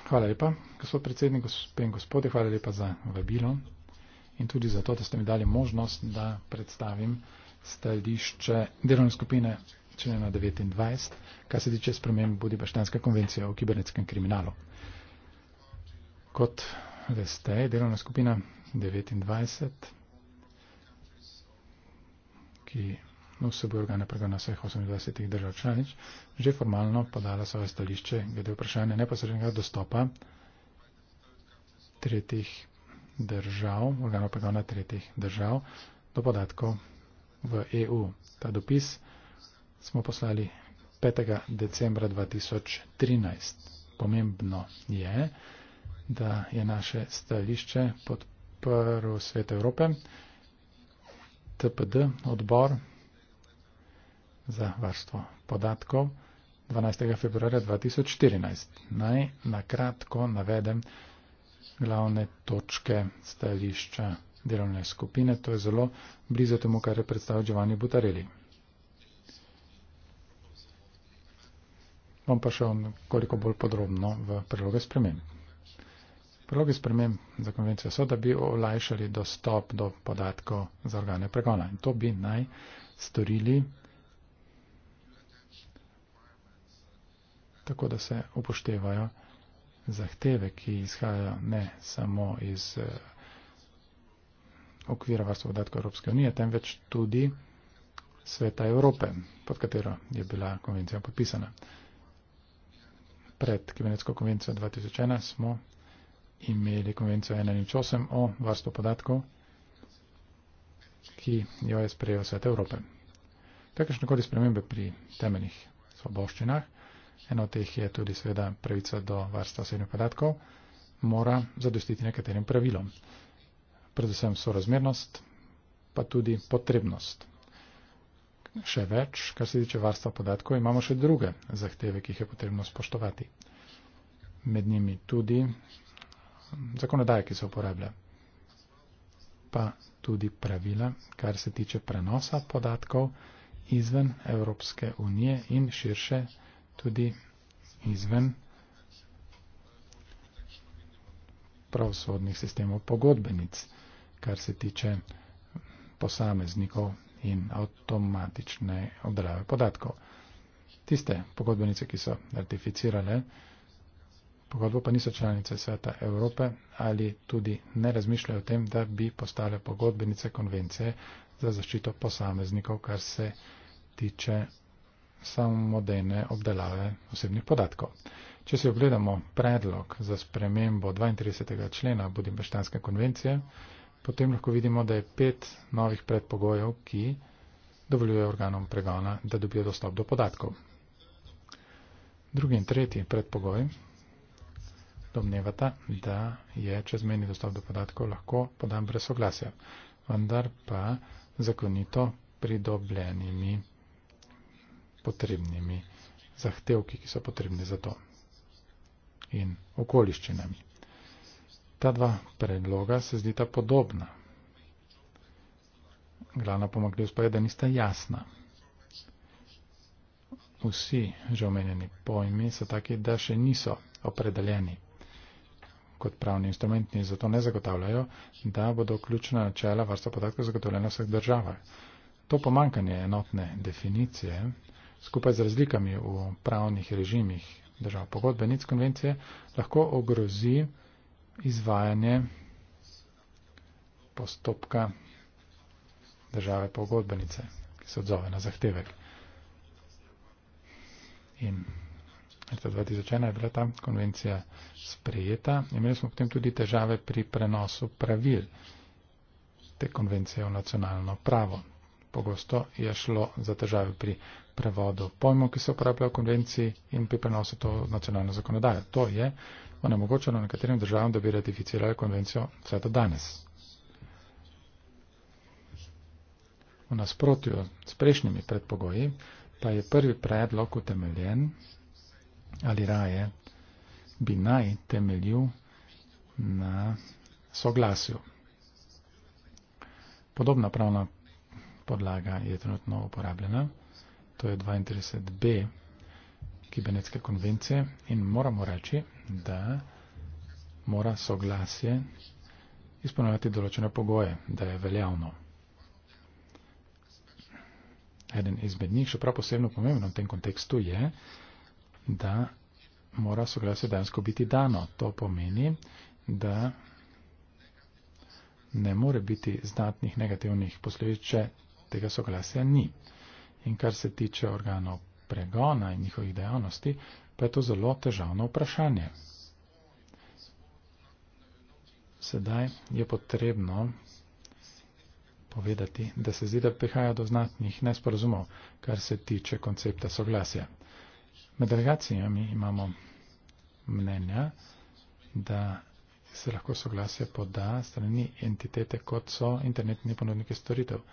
Hvala lepa, gospod predsednik, gospe in gospode, hvala lepa za vabilo in tudi za to, da ste mi dali možnost, da predstavim stališče delovne skupine členena 29, kar se tiče sprememb Budibaštanske konvencije o kibernetskem kriminalu. Kot veste, delovna skupina 29, ki vsebuje organe pregona vseh 28 držav članic, že formalno podala svoje stališče glede vprašanja neposrednega dostopa tretjih držav, organov pregona tretjih držav do podatkov v EU. Ta dopis smo poslali 5. decembra 2013. Pomembno je, da je naše stališče podprl Svet Evrope, TPD, odbor za varstvo podatkov 12. februarja 2014. Naj nakratko navedem glavne točke stališča delovne skupine. To je zelo blizu temu, kar je predstavil Giovanni Butareli. Bom pa šel koliko bolj podrobno v priloge sprememb. Priloge sprememb za konvencijo so, da bi olajšali dostop do podatkov za organe pregona. In to bi naj storili tako da se upoštevajo zahteve, ki izhajajo ne samo iz eh, okvira varstva podatkov Evropske unije, temveč tudi sveta Evrope, pod katero je bila konvencija podpisana. Pred Kibernetsko konvencijo 2001 smo imeli konvencijo 1908 o varstvu podatkov, ki jo je sprejel svet Evrope. Kakršnekoli spremembe pri temeljnih svoboščinah, eno od teh je tudi seveda pravica do varstva osebnih podatkov, mora zadostiti nekaterim pravilom. Predvsem sorazmernost, pa tudi potrebnost. Še več, kar se tiče varstva podatkov, imamo še druge zahteve, ki jih je potrebno spoštovati. Med njimi tudi zakonodaje, ki se uporablja, pa tudi pravila, kar se tiče prenosa podatkov izven Evropske unije in širše tudi izven pravosodnih sistemov pogodbenic, kar se tiče posameznikov in avtomatične obdelave podatkov. Tiste pogodbenice, ki so ratificirale, pogodbo pa niso članice sveta Evrope ali tudi ne razmišljajo o tem, da bi postale pogodbenice konvencije za zaščito posameznikov, kar se tiče samodejne obdelave osebnih podatkov. Če si ogledamo predlog za spremembo 32. člena Budimbeštanske konvencije, potem lahko vidimo, da je pet novih predpogojev, ki dovoljuje organom pregona, da dobijo dostop do podatkov. Drugi in tretji predpogoj domnevata, da je čezmeni dostop do podatkov lahko podan brez soglasja, vendar pa zakonito pridobljenimi podatki potrebnimi zahtevki, ki so potrebni za to in okoliščinami. Ta dva predloga se zdita podobna. Glavna pomagljivost pa je, da nista jasna. Vsi že omenjeni pojmi so taki, da še niso opredeljeni kot pravni instrumenti in zato ne zagotavljajo, da bodo ključna načela varstva podatkov zagotovljena v vseh državah. To pomankanje enotne definicije skupaj z razlikami v pravnih režimih držav pogodbenic konvencije, lahko ogrozi izvajanje postopka države pogodbenice, ki se odzove na zahtevek. In leta 2001 je bila ta konvencija sprejeta. Imeli smo potem tudi težave pri prenosu pravil te konvencije v nacionalno pravo. Pogosto je šlo za težave pri prevodu pojmov, ki se uporabljajo v konvenciji in pri prenosu to nacionalno zakonodajo. To je onemogočeno nekaterim državam, da bi ratificirali konvencijo vse do danes. V nasprotju s prejšnjimi predpogoji pa je prvi predlog utemeljen ali raje bi naj temeljil na soglasju. Podobna pravna podlaga je trenutno uporabljena. To je 32b kibernetske konvencije in moramo reči, da mora soglasje izpolnjevati določene pogoje, da je veljavno. Eden izmed njih, še prav posebno pomembno v tem kontekstu, je, da mora soglasje dejansko biti dano. To pomeni, da ne more biti znatnih negativnih posledic, če tega soglasja ni. In kar se tiče organov pregona in njihovih dejavnosti, pa je to zelo težavno vprašanje. Sedaj je potrebno povedati, da se zdi, da prihaja do znatnih nesporazumov, kar se tiče koncepta soglasja. Med delegacijami imamo mnenja, da se lahko soglasje poda strani entitete, kot so internetni ponudniki storitev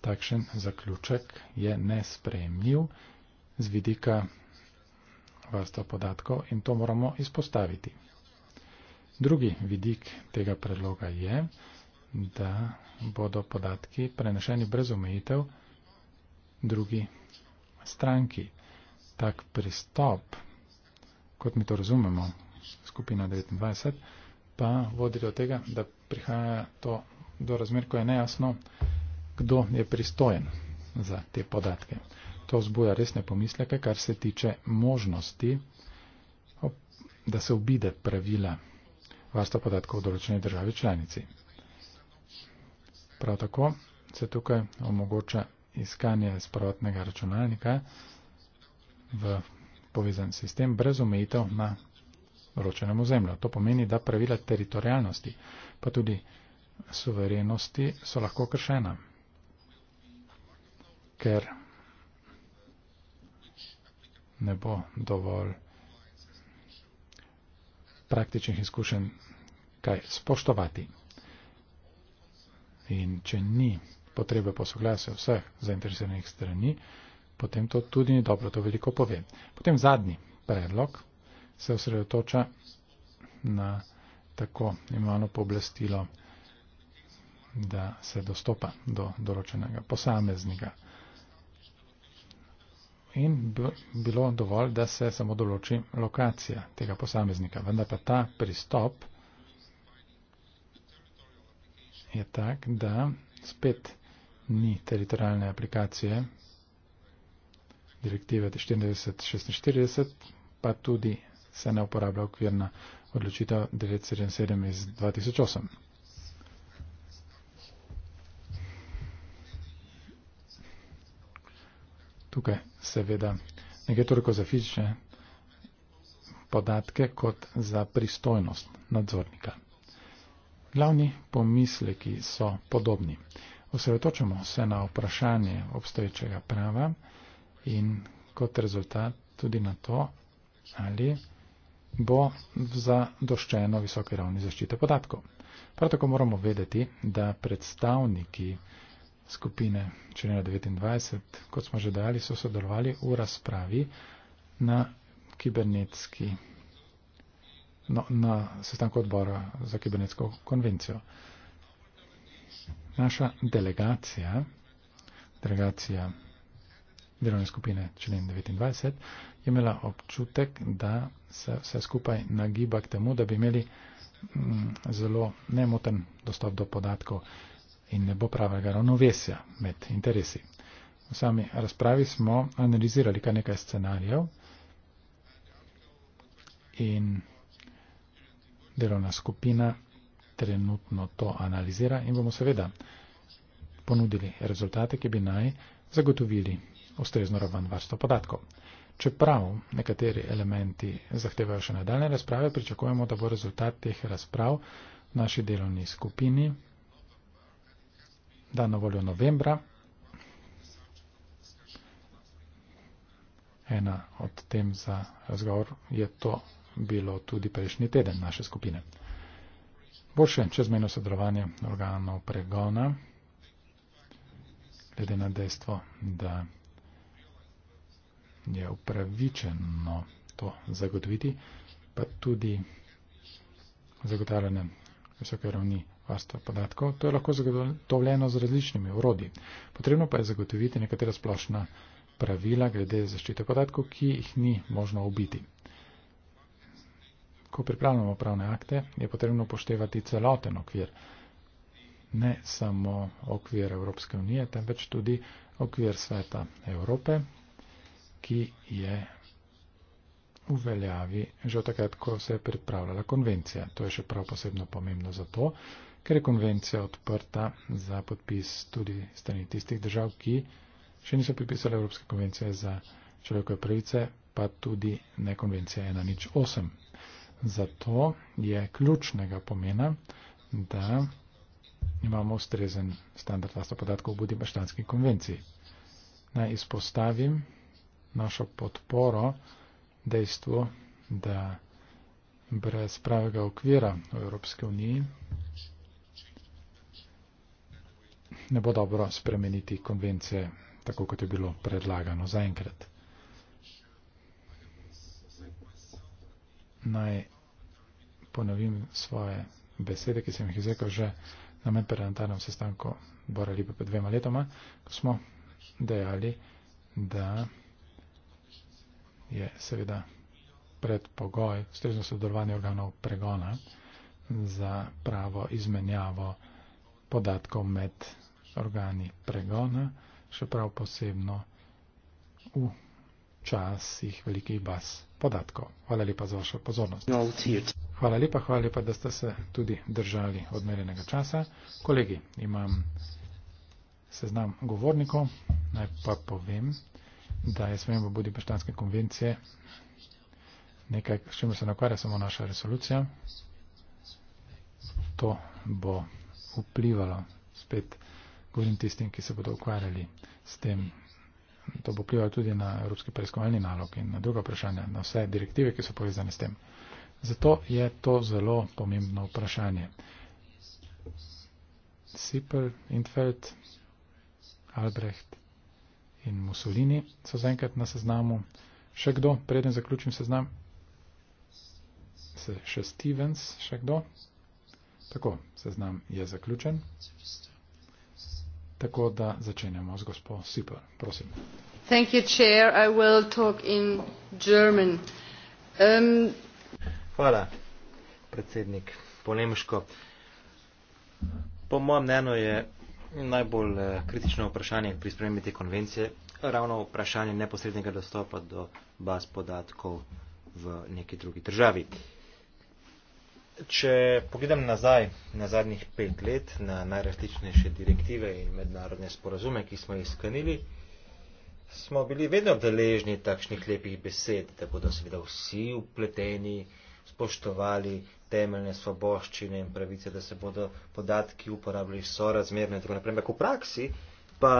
takšen zaključek je nespremljiv z vidika vrsta podatkov in to moramo izpostaviti. Drugi vidik tega predloga je, da bodo podatki prenešeni brez omejitev drugi stranki. Tak pristop, kot mi to razumemo, skupina 29, pa vodi do tega, da prihaja to do razmer, ko je nejasno, kdo je pristojen za te podatke. To zbuja resne pomisleke, kar se tiče možnosti, da se obide pravila varstva podatkov v določeni državi članici. Prav tako se tukaj omogoča iskanje sprotnega računalnika v povezan sistem brez omejitev na določenem ozemlju. To pomeni, da pravila teritorijalnosti, pa tudi suverenosti so lahko kršena ker ne bo dovolj praktičnih izkušenj, kaj spoštovati. In če ni potrebe po soglasju vseh zainteresiranih strani, potem to tudi ni dobro, to veliko pove. Potem zadnji predlog se osredotoča na tako imano pooblastilo, da se dostopa do določenega posameznika in bilo dovolj, da se samo določi lokacija tega posameznika. Vendar pa ta pristop je tak, da spet ni teritorijalne aplikacije direktive 94-46, pa tudi se ne uporablja okvirna odločitev 977 iz 2008. Tukaj seveda ne gre toliko za fizične podatke kot za pristojnost nadzornika. Glavni pomisleki so podobni. Osredotočamo se na vprašanje obstoječega prava in kot rezultat tudi na to, ali bo zadoščeno visoke ravni zaščite podatkov. Prav tako moramo vedeti, da predstavniki skupine Črnila 29, kot smo že dali, so sodelovali v razpravi na kibernetski, no, na sestanku odbora za kibernetsko konvencijo. Naša delegacija, delegacija delovne skupine Črnila 29, je imela občutek, da se vse skupaj nagiba k temu, da bi imeli mm, zelo nemoten dostop do podatkov in ne bo pravega ravnovesja med interesi. V sami razpravi smo analizirali kar nekaj scenarijev in delovna skupina trenutno to analizira in bomo seveda ponudili rezultate, ki bi naj zagotovili ustrezno raven varstva podatkov. Čeprav nekateri elementi zahtevajo še nadaljne razprave, pričakujemo, da bo rezultat teh razprav v naši delovni skupini da na voljo novembra. Ena od tem za razgovor je to bilo tudi prejšnji teden naše skupine. Boljše čezmejno sodelovanje organov pregona, glede na dejstvo, da je upravičeno to zagotoviti, pa tudi zagotavljanje visoke ravni varstva podatkov. To je lahko zagotovljeno z različnimi urodi. Potrebno pa je zagotoviti nekatera splošna pravila glede zaščite podatkov, ki jih ni možno ubiti. Ko pripravljamo pravne akte, je potrebno poštevati celoten okvir. Ne samo okvir Evropske unije, temveč tudi okvir sveta Evrope, ki je uveljavi že od takrat, ko se je pripravljala konvencija. To je še prav posebno pomembno zato, ker je konvencija odprta za podpis tudi strani tistih držav, ki še niso pripisali Evropske konvencije za človekove pravice, pa tudi ne konvencije 108. Zato je ključnega pomena, da imamo ustrezen standard vlastno podatkov v Budimaštanski konvenciji. Naj izpostavim našo podporo dejstvu, da brez pravega okvira v Evropske uniji ne bo dobro spremeniti konvencije, tako kot je bilo predlagano zaenkrat. Naj ponovim svoje besede, ki sem jih izrekel že na medperentarnem sestanku Bora Lipa pred dvema letoma, ko smo dejali, da je seveda predpogoj strezno sodelovanje organov pregona za pravo izmenjavo podatkov med organi pregona, še prav posebno v časih velikih baz podatkov. Hvala lepa za vašo pozornost. No, hvala lepa, hvala lepa, da ste se tudi držali odmerenega časa. Kolegi, imam seznam govornikov. Naj pa povem, da je smembo Budipeštanske konvencije nekaj, s čimer se nakvarja samo naša resolucija. To bo vplivalo spet govorim tistim, ki se bodo ukvarjali s tem. To bo vplivalo tudi na evropski preiskovalni nalog in na druga vprašanja, na vse direktive, ki so povezane s tem. Zato je to zelo pomembno vprašanje. Sipel, Infeld, Albrecht in Mussolini so zaenkrat na seznamu. Še kdo, preden zaključim seznam? Se še Stevens, še kdo? Tako, seznam je zaključen. Tako da začenjamo z gospo Siper. Prosim. Thank you, chair. I will talk in German. Um, Hvala, predsednik, po nemško. Po mojem mnenju je najbolj eh, kritično vprašanje pri spremembi te konvencije ravno vprašanje neposrednega dostopa do baz podatkov v neki drugi državi. Uh, če pogledam nazaj na zadnjih pet let, na najrastičnejše direktive in mednarodne sporazume, ki smo jih skanili, smo bili vedno deležni takšnih lepih besed, da bodo seveda vsi upleteni, spoštovali temeljne svoboščine in pravice, da se bodo podatki uporabljali sorazmerno in tako naprej. Ampak v praksi pa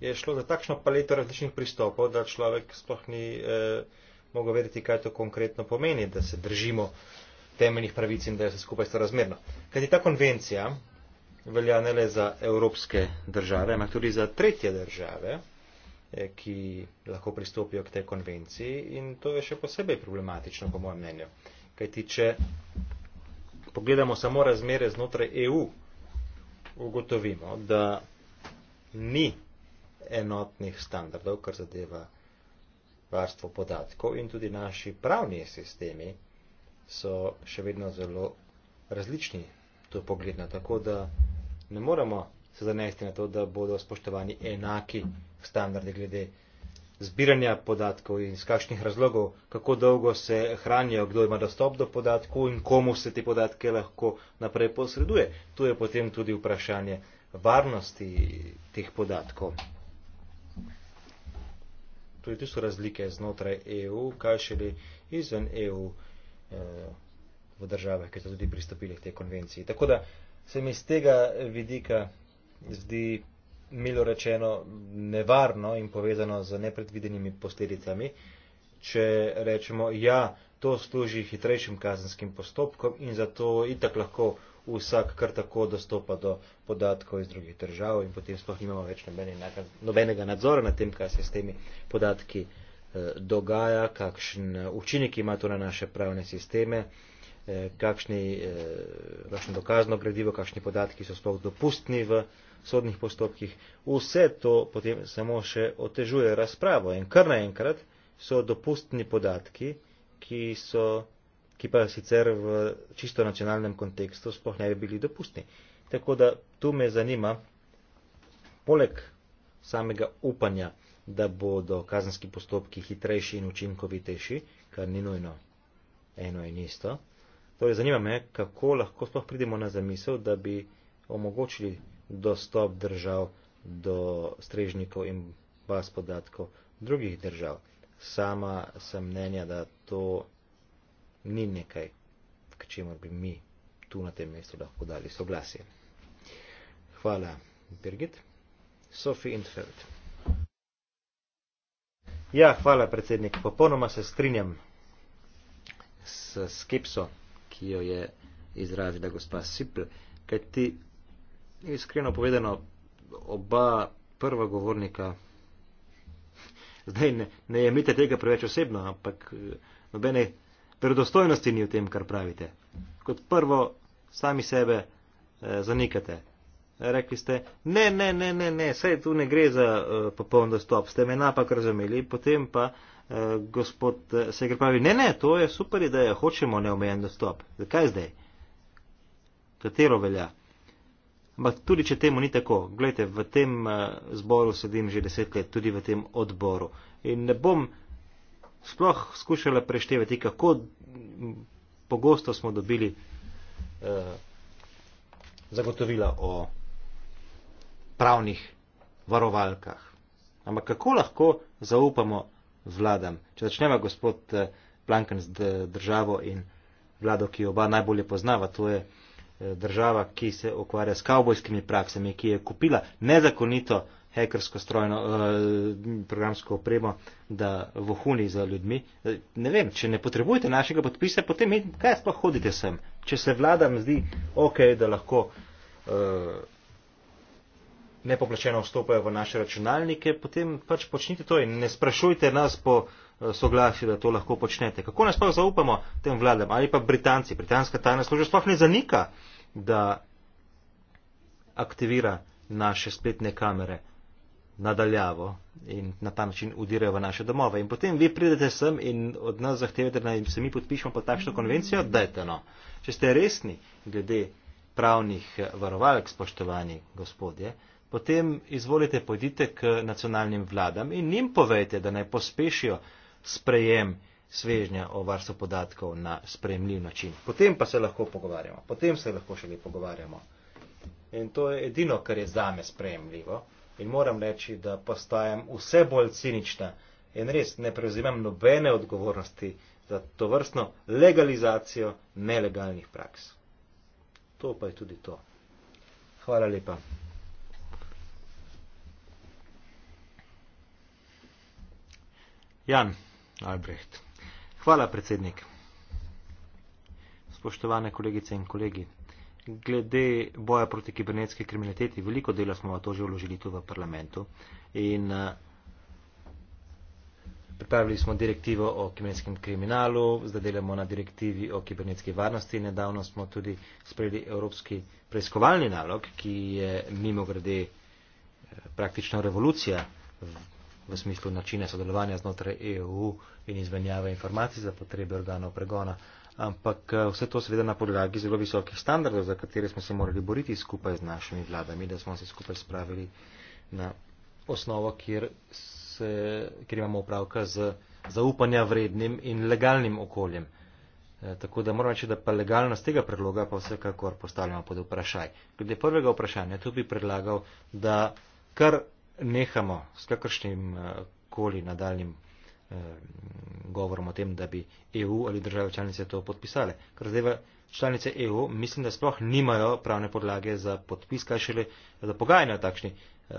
je šlo za takšno paleto različnih pristopov, da človek sploh ni. Eh, mogel vedeti, kaj to konkretno pomeni, da se držimo temeljnih pravic in da je vse skupaj sorazmerno. Kajti ta konvencija velja ne le za evropske države, ampak tudi za tretje države, eh, ki lahko pristopijo k tej konvenciji in to je še posebej problematično, po mojem mnenju. Kajti če pogledamo samo razmere znotraj EU, ugotovimo, da ni enotnih standardov, kar zadeva varstvo podatkov in tudi naši pravni sistemi so še vedno zelo različni, to je pogledno, tako da ne moramo se zanesti na to, da bodo spoštovani enaki standardi glede zbiranja podatkov in z kakšnih razlogov, kako dolgo se hranijo, kdo ima dostop do podatkov in komu se te podatke lahko naprej posreduje. Tu je potem tudi vprašanje varnosti teh podatkov. Tudi torej, tu so razlike znotraj EU, kaj šele izven EU eh, v državah, ki so tudi pristopili k tej konvenciji. Tako da se mi z tega vidika zdi milo rečeno nevarno in povezano z nepredvidenimi posledicami, če rečemo, ja, to služi hitrejšim kazenskim postopkom in zato itak lahko vsak kar tako dostopa do podatkov iz drugih držav in potem sploh nimamo več nobenega nadzora nad tem, kaj se s temi podatki eh, dogaja, kakšen eh, učinek ima to na naše pravne sisteme, eh, kakšni, kakšno dokazno gradivo, kakšni podatki so sploh dopustni v sodnih postopkih. Vse to potem samo še otežuje razpravo in kar naenkrat so dopustni podatki, ki so ki pa sicer v čisto nacionalnem kontekstu sploh ne bi bili dopustni. Tako da tu me zanima, poleg samega upanja, da bodo kazenski postopki hitrejši in učinkovitejši, kar ni nujno eno in isto, torej zanima me, kako lahko sploh pridemo na zamisel, da bi omogočili dostop držav do strežnikov in baz podatkov drugih držav. Sama sem mnenja, da to ni nekaj, k čemu bi mi tu na tem mestu lahko dali soglasje. Hvala, Birgit. Sophie Intfeld. Ja, hvala, predsednik. Popolnoma se strinjam s skepso, ki jo je izrazila gospa Sipl, kaj ti, iskreno povedano, oba prva govornika, zdaj ne, ne jemite tega preveč osebno, ampak eh, nobene. No verodostojnosti ni v tem, kar pravite. Kot prvo, sami sebe eh, zanikate. Rekli ste, ne, ne, ne, ne, ne, saj tu ne gre za eh, popoln dostop, ste me napak razumeli, potem pa eh, gospod eh, Segr pravi, ne, ne, to je super ideja, hočemo neomejen dostop. Zakaj zdaj? Katero velja? Ampak tudi, če temu ni tako, gledajte, v tem eh, zboru sedim že deset let, tudi v tem odboru. In ne bom sploh skušala preštevati, kako pogosto smo dobili eh, zagotovila o pravnih varovalkah. Ampak kako lahko zaupamo vladam? Če začneva gospod eh, Planken z državo in vlado, ki oba najbolje poznava, to je eh, država, ki se ukvarja s kavbojskimi praksami, ki je kupila nezakonito hekersko strojno, eh, programsko opremo, da vohuni za ljudmi. Eh, ne vem, če ne potrebujete našega podpisa, potem kaj sploh hodite sem? Če se vladam zdi ok, da lahko eh, nepoplačeno vstopajo v naše računalnike, potem pač počnite to in ne sprašujte nas po soglasju, da to lahko počnete. Kako nas sploh zaupamo tem vladam? Ali pa Britanci, britanska tajna služba sploh ne zanika, da aktivira naše spletne kamere nadaljavo in na ta način udirajo v naše domove. In potem vi pridete sem in od nas zahtevate, da se mi podpišemo pod takšno konvencijo, dajte no. Če ste resni glede pravnih varovalk, spoštovani gospodje, potem izvolite, pojdite k nacionalnim vladam in njim povejte, da naj pospešijo sprejem svežnja o varstvu podatkov na sprejemljiv način. Potem pa se lahko pogovarjamo, potem se lahko še le pogovarjamo. In to je edino, kar je zame sprejemljivo in moram reči, da postajam vse bolj cinična in res ne prevzemam nobene odgovornosti za to vrstno legalizacijo nelegalnih praks. To pa je tudi to. Hvala lepa. Jan Albrecht. Hvala, predsednik. Spoštovane kolegice in kolegi glede boja proti kibernetski kriminaliteti. Veliko dela smo to že vložili tu v parlamentu in eh, pripravili smo direktivo o kibernetskem kriminalu, zdaj delamo na direktivi o kibernetski varnosti. Nedavno smo tudi sprejeli Evropski preiskovalni nalog, ki je mimo grede eh, praktično revolucija v smislu načine sodelovanja znotraj EU in izmenjave informacij za potrebe organov pregona ampak eh, vse to seveda na podlagi zelo visokih standardov, za katere smo se morali boriti skupaj z našimi vladami, da smo se skupaj spravili na osnovo, kjer, se, kjer imamo upravka z zaupanja vrednim in legalnim okoljem. Eh, tako da moram reči, da pa legalnost tega predloga pa vsekakor postavljamo pod vprašaj. Glede prvega vprašanja, tu bi predlagal, da kar nehamo s kakršnim koli nadaljnim Eh, govorom o tem, da bi EU ali države članice to podpisale. Ker zdaj članice EU mislim, da sploh nimajo pravne podlage za podpis, kaj šele za pogajanje o takšni eh,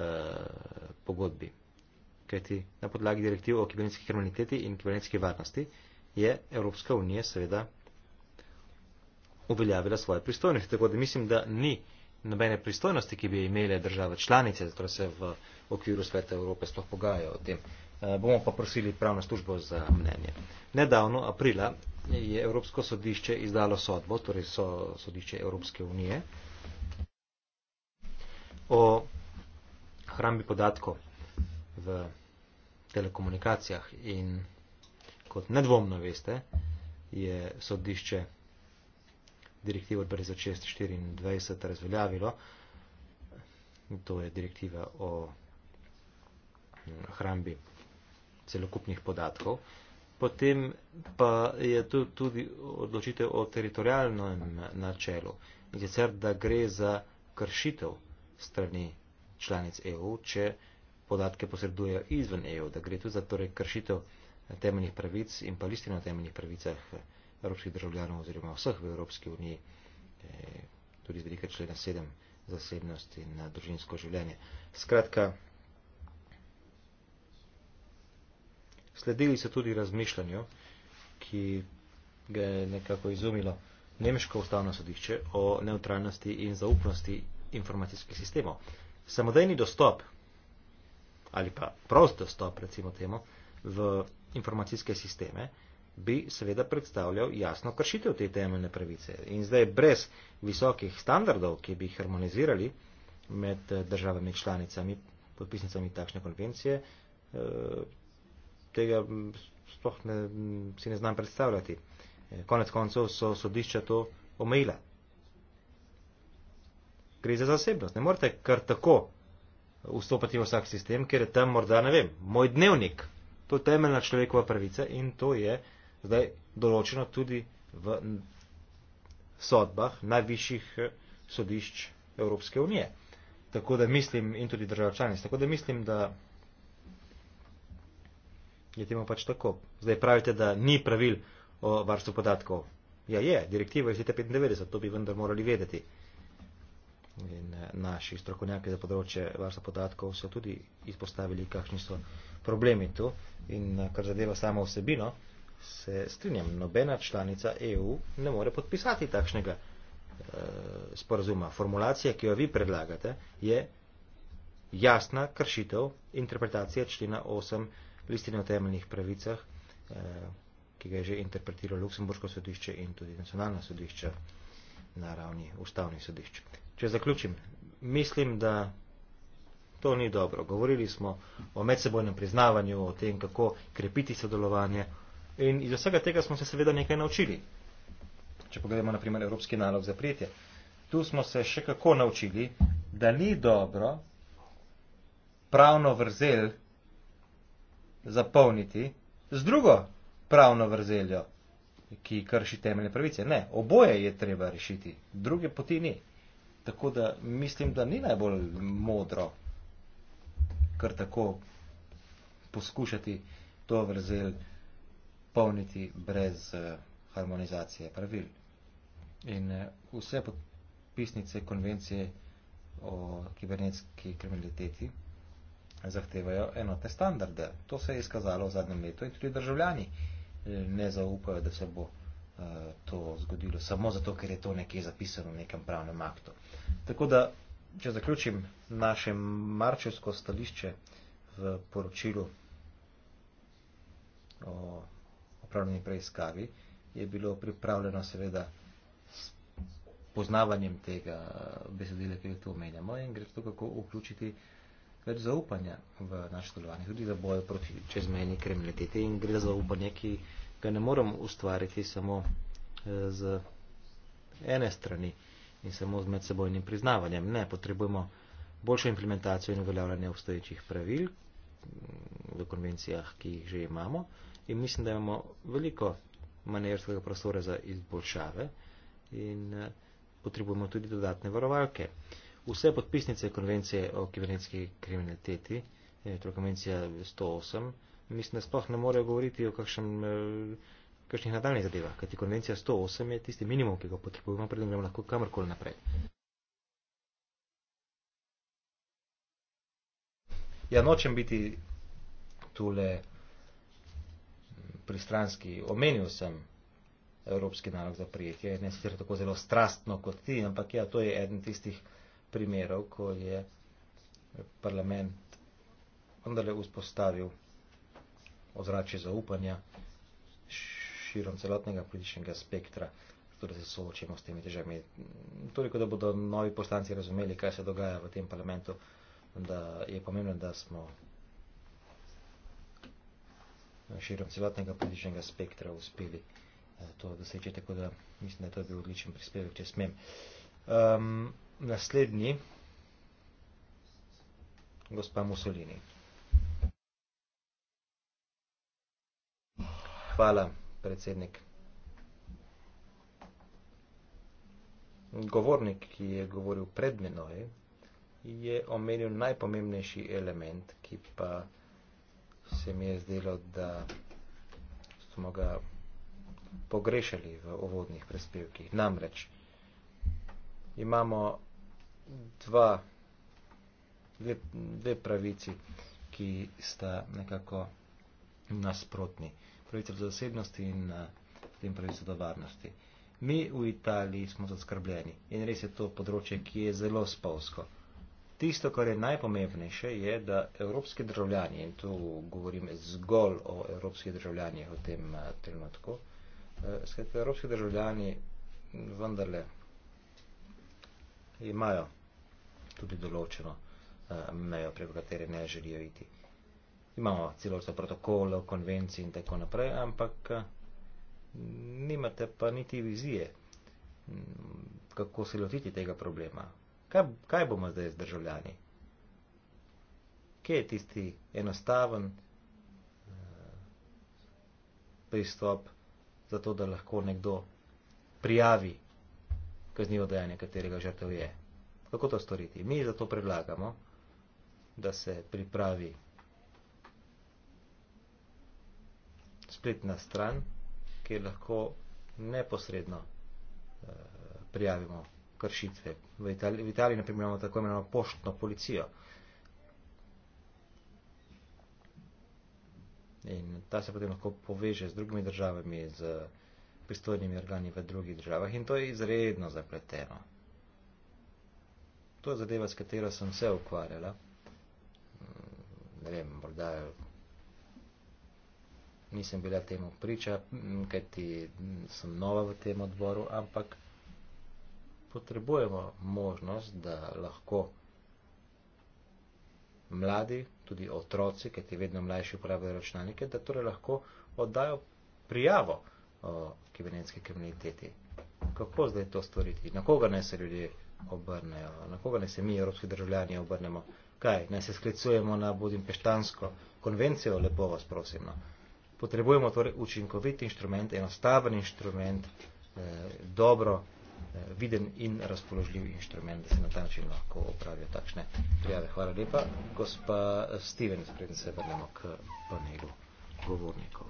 pogodbi. Kajti na podlagi direktiv o kibernetski kriminaliteti in kibernetski varnosti je Evropska unija seveda uveljavila svoje pristojnosti. Tako da mislim, da ni nobene pristojnosti, ki bi imele države članice, zato se v okviru Sveta Evrope sploh pogajajo o tem. Eh, bomo pa prosili pravno službo za mnenje. Nedavno, aprila, je Evropsko sodišče izdalo sodbo, torej so sodišče Evropske unije, o hrambi podatkov v telekomunikacijah in kot nedvomno veste, je sodišče direktivo 2624 razveljavilo, to je direktiva o mm, hrambi celokupnih podatkov, potem pa je tu tudi odločitev o teritorijalnem mm, načelu, sicer da gre za kršitev strani članic EU, če podatke posredujejo izven EU, da gre tu za torej kršitev temeljnih pravic in pa listino temeljnih pravicah evropskih državljanov oziroma vseh v Evropski uniji, eh, tudi z velika člena sedem zasebnosti na eh, družinsko življenje. Skratka, sledili so tudi razmišljanju, ki ga je nekako izumilo Nemško ustavno sodišče o neutralnosti in zaupnosti informacijskih sistemov. Samodejni dostop ali pa prost dostop, recimo temu, v informacijske sisteme, bi seveda predstavljal jasno kršitev te temeljne pravice. In zdaj brez visokih standardov, ki bi jih harmonizirali med eh, državami članicami, podpisnicami takšne konvencije, eh, tega sploh ne, si ne znam predstavljati. Eh, konec koncev so sodišča to omejila. Gre za zasebnost. Ne morete kar tako vstopati v vsak sistem, ker je tam morda, ne vem, moj dnevnik. To je temeljna človekova pravica in to je zdaj določeno tudi v sodbah najvišjih eh, sodišč Evropske unije. Tako da mislim, in tudi državčani, tako da mislim, da je temu pač tako. Zdaj pravite, da ni pravil o varstvu podatkov. Ja, je, direktiva iz leta 95, to bi vendar morali vedeti. In eh, naši strokovnjaki za področje varstva podatkov so tudi izpostavili, kakšni so problemi tu. In eh, kar zadeva samo vsebino, se strinjam, nobena članica EU ne more podpisati takšnega e, sporazuma. Formulacija, ki jo vi predlagate, je jasna kršitev interpretacije člena 8 listine o temeljnih pravicah, e, ki ga je že interpretiralo Luksemburško sodišče in tudi nacionalna sodišča na ravni ustavnih sodišč. Če zaključim, mislim, da. To ni dobro. Govorili smo o medsebojnem priznavanju, o tem, kako krepiti sodelovanje. In iz vsega tega smo se seveda nekaj naučili. Če pogledamo na primer Evropski nalog za prijetje. Tu smo se še kako naučili, da ni dobro pravno vrzel zapolniti z drugo pravno vrzeljo, ki krši temeljne pravice. Ne, oboje je treba rešiti, druge poti ni. Tako da mislim, da ni najbolj modro kar tako poskušati to vrzel polniti brez eh, harmonizacije pravil. In eh, vse podpisnice konvencije o kibernetski kriminaliteti zahtevajo enotne standarde. To se je izkazalo v zadnjem letu in tudi državljani eh, ne zaupajo, da se bo to zgodilo samo zato, ker je to nekje zapisano v nekem pravnem aktu. Tako da, če zaključim naše marčevsko stališče v poročilu o opravljeni preiskavi, je bilo pripravljeno seveda s poznavanjem tega eh, besedila, ki jo tu omenjamo in gre to kako vključiti več zaupanja v naše delovanje, tudi za bojo proti čezmejni kriminaliteti in gre za zaupanje, ki ga ne moremo ustvariti samo eh, z ene strani in samo z medsebojnim priznavanjem. Ne, potrebujemo boljšo implementacijo in uveljavljanje obstoječih pravil mm, v konvencijah, ki jih že imamo in mislim, da imamo veliko manevrskega prostora za izboljšave in eh, potrebujemo tudi dodatne varovalke. Vse podpisnice konvencije o kibernetski kriminaliteti, eh, to torej je konvencija 108, mislim, da sploh ne morejo govoriti o kakšnem, eh, kakšnih nadaljnih zadevah, kajti konvencija 108 je tisti minimum, ki ga potrebujemo, preden gremo lahko kamorkoli naprej. Ja, nočem biti tule pristranski. Omenil sem evropski nalog za prijetje, ne sicer tako zelo strastno kot ti, ampak ja, to je eden tistih primerov, ko je parlament vendarle vzpostavil ozračje zaupanja širom celotnega političnega spektra, zato torej da se soočimo s temi težavami. Toliko, da bodo novi poslanci razumeli, kaj se dogaja v tem parlamentu, da je pomembno, da smo širom celotnega političnega spektra uspeli eh, to doseči, tako da mislim, da to je bil odličen prispevek, če smem. Um, naslednji, gospa Mussolini. Hvala, predsednik. Govornik, ki je govoril pred menoj, je omenil najpomembnejši element, ki pa se mi je zdelo, da smo ga pogrešali v uvodnih prispevkih. Namreč imamo dva, dve, dve pravici, ki sta nekako nasprotni. Pravica do zasebnosti in eh, tem pravica do varnosti. Mi v Italiji smo zaskrbljeni in res je to področje, ki je zelo spolsko. Tisto, kar je najpomembnejše, je, da evropski državljani, in tu govorim zgolj o evropskih državljanjih v tem eh, trenutku, eh, skratka, evropski državljani vendarle imajo tudi določeno eh, mejo, preko katere ne želijo iti. Imamo celo vrsto protokolov, konvencij in tako naprej, ampak nimate pa niti vizije, mm, kako se lotiti tega problema kaj, kaj bomo zdaj z državljani? Kje je tisti enostaven eh, pristop za to, da lahko nekdo prijavi kaznivo dejanje, katerega žrtev je? Kako to storiti? Mi zato predlagamo, da se pripravi spletna stran, kjer lahko neposredno eh, prijavimo kršitve. V Italiji, v Italiji naprimer, imamo tako imenovano poštno policijo. In ta se potem lahko poveže z drugimi državami, z pristojnimi organi v drugih državah in to je izredno zapleteno. To je zadeva, s katero sem se ukvarjala. Mm, ne vem, morda nisem bila temu priča, kajti sem nova v tem odboru, ampak potrebujemo možnost, da lahko mladi, tudi otroci, ker ti vedno mlajši uporabljajo računalnike, da torej lahko oddajo prijavo o kibernetski kriminaliteti. Kako zdaj to storiti? Na koga naj se ljudje obrnejo? Na koga naj se mi, evropski državljani, obrnemo? Kaj? Naj se sklicujemo na Budimpeštansko konvencijo? Lepo vas prosim. No. Potrebujemo torej učinkovit inštrument, enostaven inštrument, eh, dobro Eh, viden in razpoložljiv inštrument, da se na ta način lahko opravijo takšne prijave. Hvala lepa. Gospa Steven, preden se vrnemo k panelu govornikov.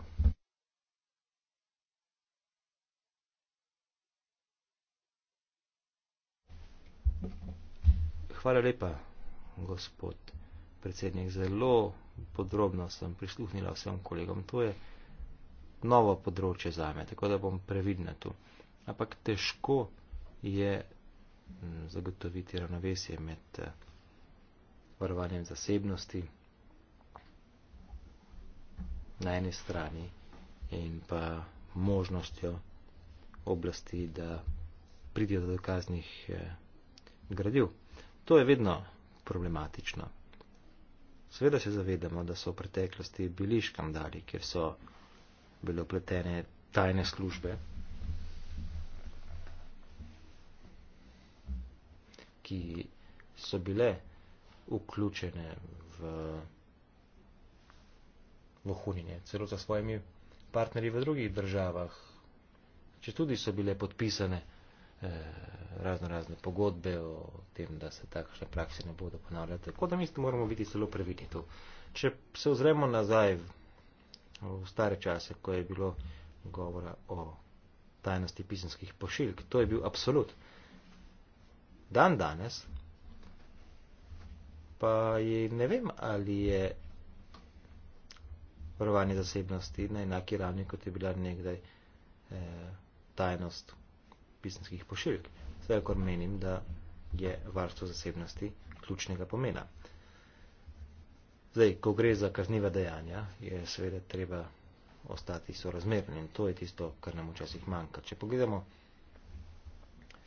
Hvala lepa, gospod predsednik. Zelo podrobno sem prisluhnila vsem kolegom. To je novo področje zame, tako da bom previdna tu. Ampak težko je mm, zagotoviti ravnovesje med eh, varovanjem zasebnosti na eni strani in pa možnostjo oblasti, da pridijo do dokaznih eh, gradiv. To je vedno problematično. Seveda se zavedamo, da so v preteklosti bili škandali, kjer so bile upletene tajne službe. ki so bile vključene v, v huninje, celo za svojimi partnerji v drugih državah, če tudi so bile podpisane eh, razno razne pogodbe o tem, da se takšne prakse ne bodo ponavljati. Tako da mi moramo biti zelo previdni tu. Če se ozremo nazaj v stare čase, ko je bilo govora o tajnosti pisanskih pošiljk, to je bil absolut dan danes, pa je, ne vem, ali je varovanje zasebnosti na enaki ravni, kot je bila nekdaj eh, tajnost pisanskih pošiljk. Zdaj, kot menim, da je varstvo zasebnosti ključnega pomena. Zdaj, ko gre za kazniva dejanja, je seveda treba ostati sorazmeren in to je tisto, kar nam včasih manjka. Če pogledamo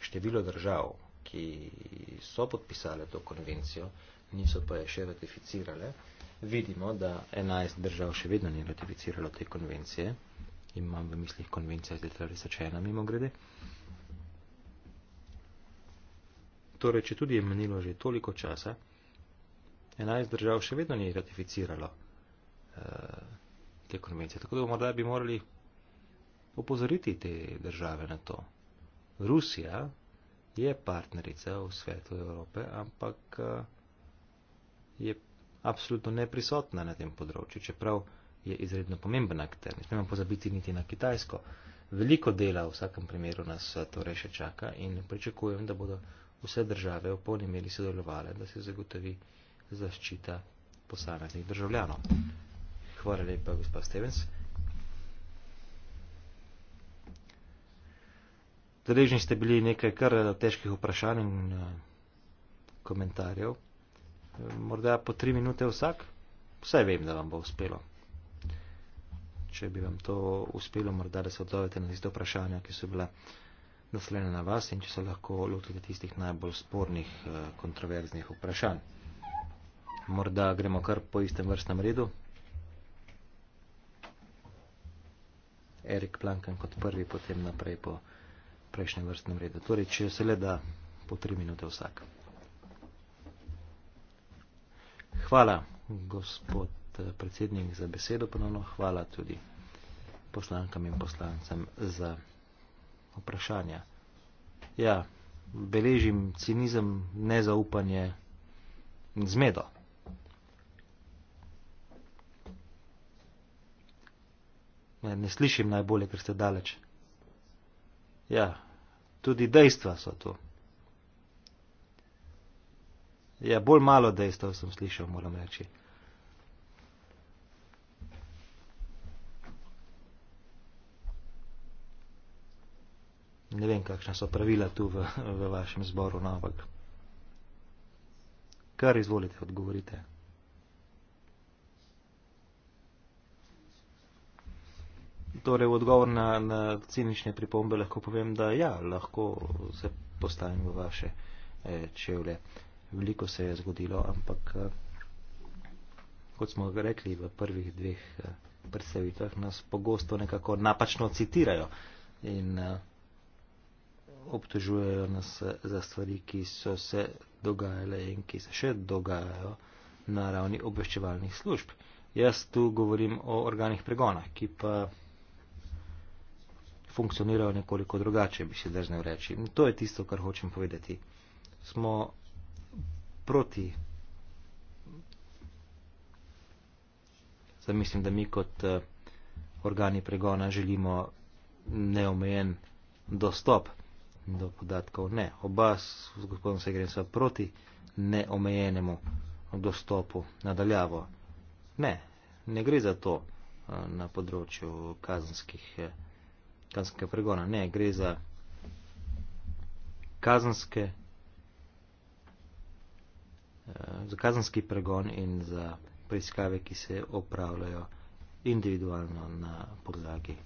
število držav, ki so podpisale to konvencijo, niso pa je še ratificirale. Vidimo, da 11 držav še vedno ni ratificiralo te konvencije. Imam v mislih konvencija iz leta 2001, mimo grede. Torej, če tudi je menilo že toliko časa, 11 držav še vedno ni ratificiralo uh, te konvencije. Tako da morda bi morali opozoriti te države na to. Rusija, je partnerica v svetu Evrope, ampak eh, je absolutno neprisotna na tem področju, čeprav je izredno pomemben akter. Ne smemo pozabiti niti na Kitajsko. Veliko dela v vsakem primeru nas eh, torej še čaka in pričakujem, da bodo vse države v polni meri sodelovale, da se zagotovi zaščita posameznih državljanov. Hvala lepa, gospod Stevens. deležni ste bili nekaj kar eh, težkih vprašanj in eh, komentarjev. Eh, morda po tri minute vsak. Vse vem, da vam bo uspelo. Če bi vam to uspelo, morda da se odzovete na tiste vprašanja, ki so bila naslene na vas in če se lahko lotite tistih najbolj spornih, kontroverznih vprašanj. Morda gremo kar po istem vrstnem redu. Erik Planken kot prvi, potem naprej po prejšnjem vrstnem redu. Torej, če se le da po tri minute vsak. Hvala, gospod eh, predsednik, za besedo ponovno. Hvala tudi poslankam in poslancem za vprašanja. Ja, beležim cinizem, nezaupanje, zmedo. Ne, ne slišim najbolje, ker ste daleč. Ja, tudi dejstva so to. Ja, bolj malo dejstev sem slišal, moram reči. Ne vem, kakšna so pravila tu v, v vašem zboru, no, ampak kar izvolite, odgovorite. Torej, odgovor na, na cinične pripombe lahko povem, da ja, lahko se postavim v vaše eh, čevlje. Veliko se je zgodilo, ampak eh, kot smo rekli v prvih dveh eh, predstavitvah, nas pogosto nekako napačno citirajo in eh, obtožujejo nas eh, za stvari, ki so se dogajale in ki se še dogajajo na ravni obveščevalnih služb. Jaz tu govorim o organih pregona, ki pa funkcionirajo nekoliko drugače, bi se držnev reči. In to je tisto, kar hočem povedati. Smo proti, zdaj mislim, da mi kot eh, organi pregona želimo neomejen dostop do podatkov. Ne, oba s gospodom Segrem so proti neomejenemu dostopu nadaljavo. Ne, ne gre za to eh, na področju kazanskih podatkov eh, kazenskega pregona. Ne, gre za kazenske, eh, za kazenski pregon in za preiskave, ki se opravljajo individualno na podlagi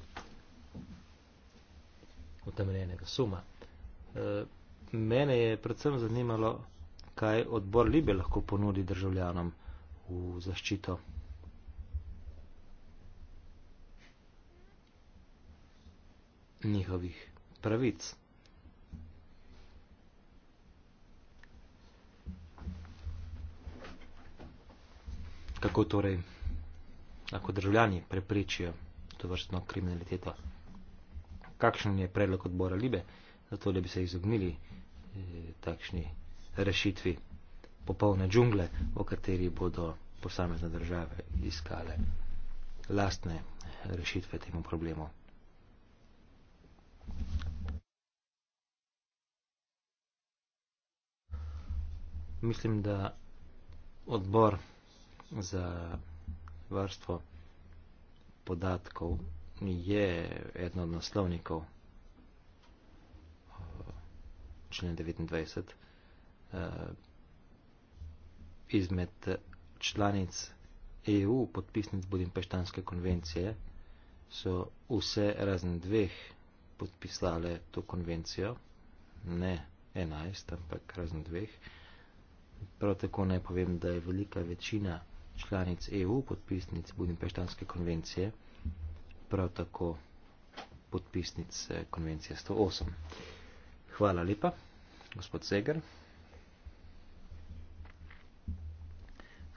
utemeljenega suma. Eh, mene je predvsem zanimalo, kaj odbor Libe lahko ponudi državljanom v zaščito. njihovih pravic. Kako torej lahko državljani preprečijo to vrstno kriminaliteto? Kakšen je predlog odbora Libe, zato da bi se izognili eh, takšni rešitvi popolne džungle, v kateri bodo posamezne države iskale lastne rešitve temu problemu? Mislim, da odbor za varstvo podatkov je eno od naslovnikov eh, člen 29 eh, izmed članic EU podpisnic Budimpeštanske konvencije so vse razen dveh podpisale to konvencijo, ne 11, ampak razen dveh. Prav tako naj povem, da je velika večina članic EU podpisnic Budimpeštanske konvencije, prav tako podpisnic eh, konvencije 108. Hvala lepa, gospod Seger.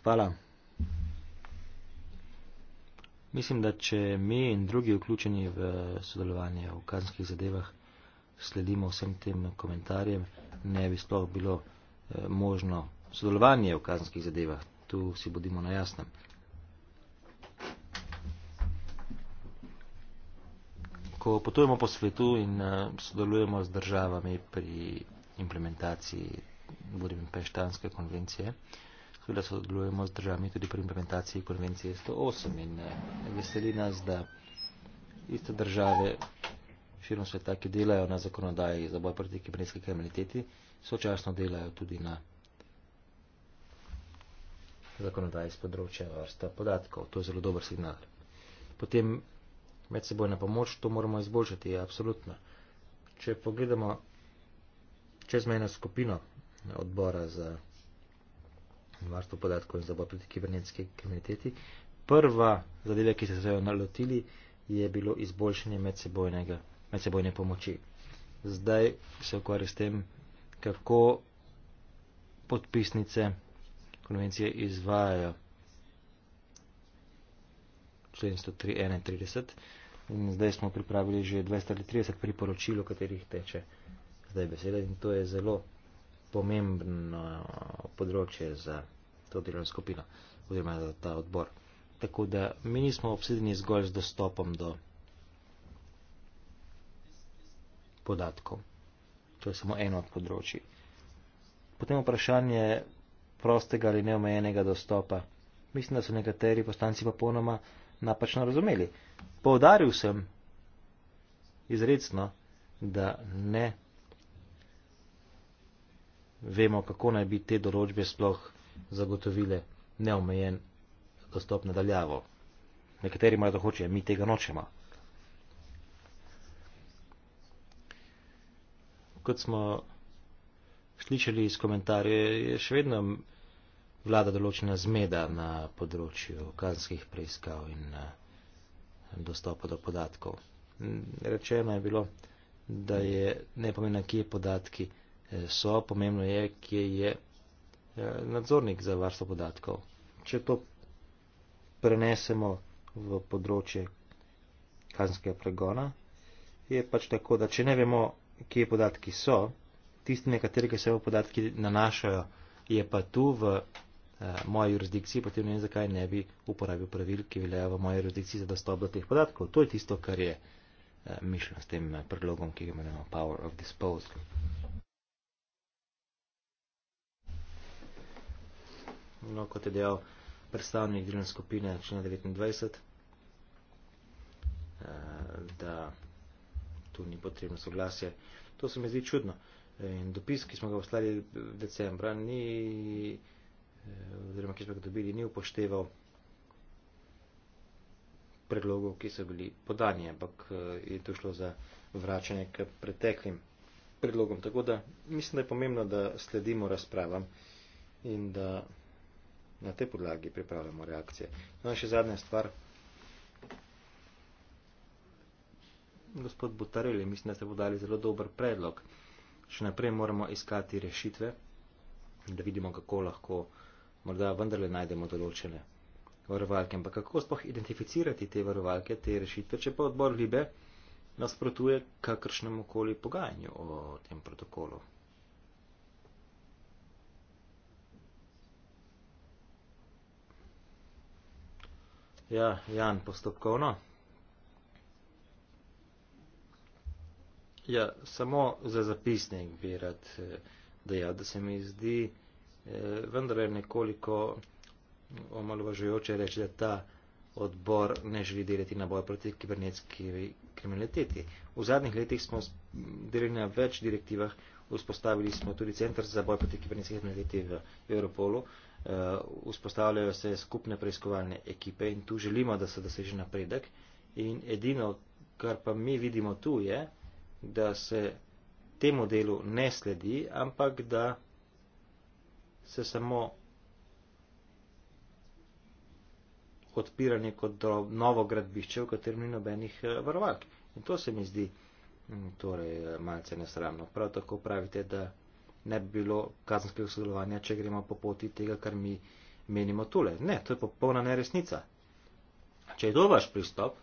Hvala. Mislim, da če mi in drugi vključeni v sodelovanje v kazenskih zadevah sledimo vsem tem komentarjem, ne bi sploh bilo eh, možno sodelovanje v kazenskih zadevah. Tu si bodimo na jasnem. Ko potujemo po svetu in eh, sodelujemo z državami pri implementaciji Budimpeštanske konvencije, seveda sodelujemo z državami tudi pri implementaciji konvencije 108 in eh, veseli nas, da iste države širom sveta, ki delajo na zakonodaji za boj proti kibernetski kriminaliteti, sočasno delajo tudi na zakonodaji z področja vrsta podatkov. To je zelo dober signal. Potem medsebojna pomoč, to moramo izboljšati, je absolutno. Če pogledamo čezmejno skupino odbora za in varstvo podatkov in zabor proti kibernetski kriminaliteti. Prva zadeva, ki ste se jo nalotili, je bilo izboljšanje medsebojne pomoči. Zdaj se ukvarjam s tem, kako podpisnice konvencije izvajajo člen 131. In zdaj smo pripravili že 230 priporočil, o katerih teče zdaj beseda in to je zelo pomembno eh, področje za to delovno skupino oziroma za ta odbor. Tako da mi nismo obsedeni zgolj z dostopom do podatkov. To je samo eno od področji. Potem vprašanje prostega ali neomejenega dostopa. Mislim, da so nekateri poslanci popolnoma napačno razumeli. Poudaril sem izredno, da ne vemo, kako naj bi te določbe sploh zagotovile neomejen dostop nadaljavo. Nekateri imajo to hoče, mi tega nočemo. Kot smo slišali iz komentarja, je še vedno vlada določena zmeda na področju kazenskih preiskav in eh, dostopa do podatkov. Rečeno je bilo, da je nepomembno, kje podatki so, pomembno je, kje je eh, nadzornik za varstvo podatkov. Če to prenesemo v področje kazenskega pregona, je pač tako, da če ne vemo, kje podatki so, tisti, na katerega se podatki nanašajo, je pa tu v eh, moji jurisdikciji, potem ne vem, zakaj ne bi uporabil pravil, ki veljajo v moji jurisdikciji za dostop do teh podatkov. To je tisto, kar je eh, mišljeno s tem predlogom, ki ga imenujemo Power of Disposal. no, kot je dejal predstavnik delovne skupine člena 29, eh, da tu ni potrebno soglasje. To se mi zdi čudno. In dopis, ki smo ga poslali decembra, ni, eh, oziroma ki smo ga dobili, ni upošteval predlogov, ki so bili podani, ampak eh, je to šlo za vračanje k preteklim predlogom. Tako da mislim, da je pomembno, da sledimo razpravam in da na tej podlagi pripravljamo reakcije. No in še zadnja stvar. Gospod Butarili, mislim, da ste podali zelo dober predlog. Še naprej moramo iskati rešitve, da vidimo, kako lahko morda vendarle najdemo določene varovalke. Ampak kako spoh identificirati te varovalke, te rešitve, če pa odbor Libe nasprotuje kakršnemu koli pogajanju o tem protokolu? Ja, Jan, postopkovno. Ja, samo za zapisnik bi rad eh, dejal, da se mi zdi eh, vendar je nekoliko omalovažujoče reči, da ta odbor ne želi delati na boj proti kibernetski kriminaliteti. V zadnjih letih smo delili na več direktivah, Vzpostavili smo tudi centr za boj proti kibernetski kriminaliteti v Europolu. Eh, vzpostavljajo se skupne preiskovalne ekipe in tu želimo, da se doseže napredek. In edino, kar pa mi vidimo tu, je, da se temu delu ne sledi, ampak da se samo odpira neko novo gradbišče, v katerem ni nobenih eh, varovalk. In to se mi zdi. Mm, torej, eh, malce nesramno. Prav tako pravite, da ne bi bilo kazenskega sodelovanja, če gremo po poti tega, kar mi menimo tole. Ne, to je popolna neresnica. Če je to vaš pristop,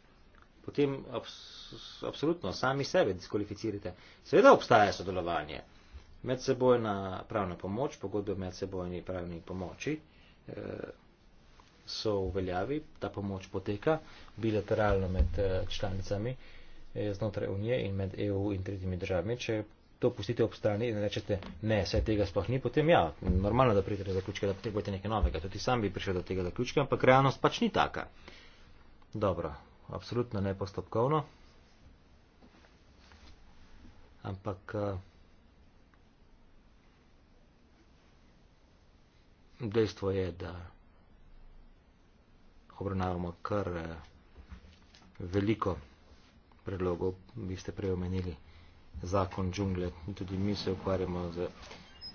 potem abs absolutno sami sebe diskvalificirate. Seveda obstaja sodelovanje. Medsebojna pravna pomoč, pogodbe o medsebojni pravni pomoči eh, so v veljavi, ta pomoč poteka bilateralno med eh, članicami. Eh, znotraj Unije in med EU in tretjimi državami. Če to pustite ob strani in rečete, ne, vse tega sploh ni, potem ja, normalno, da pridete do zaključka, da potrebujete nekaj novega. Tudi sam bi prišel do tega zaključka, ampak realnost pač ni taka. Dobro, absolutno ne postopkovno. Ampak. Eh, dejstvo je, da obravnavamo kar eh, veliko predlogov, vi ste preomenili zakon džungle. Tudi mi se ukvarjamo z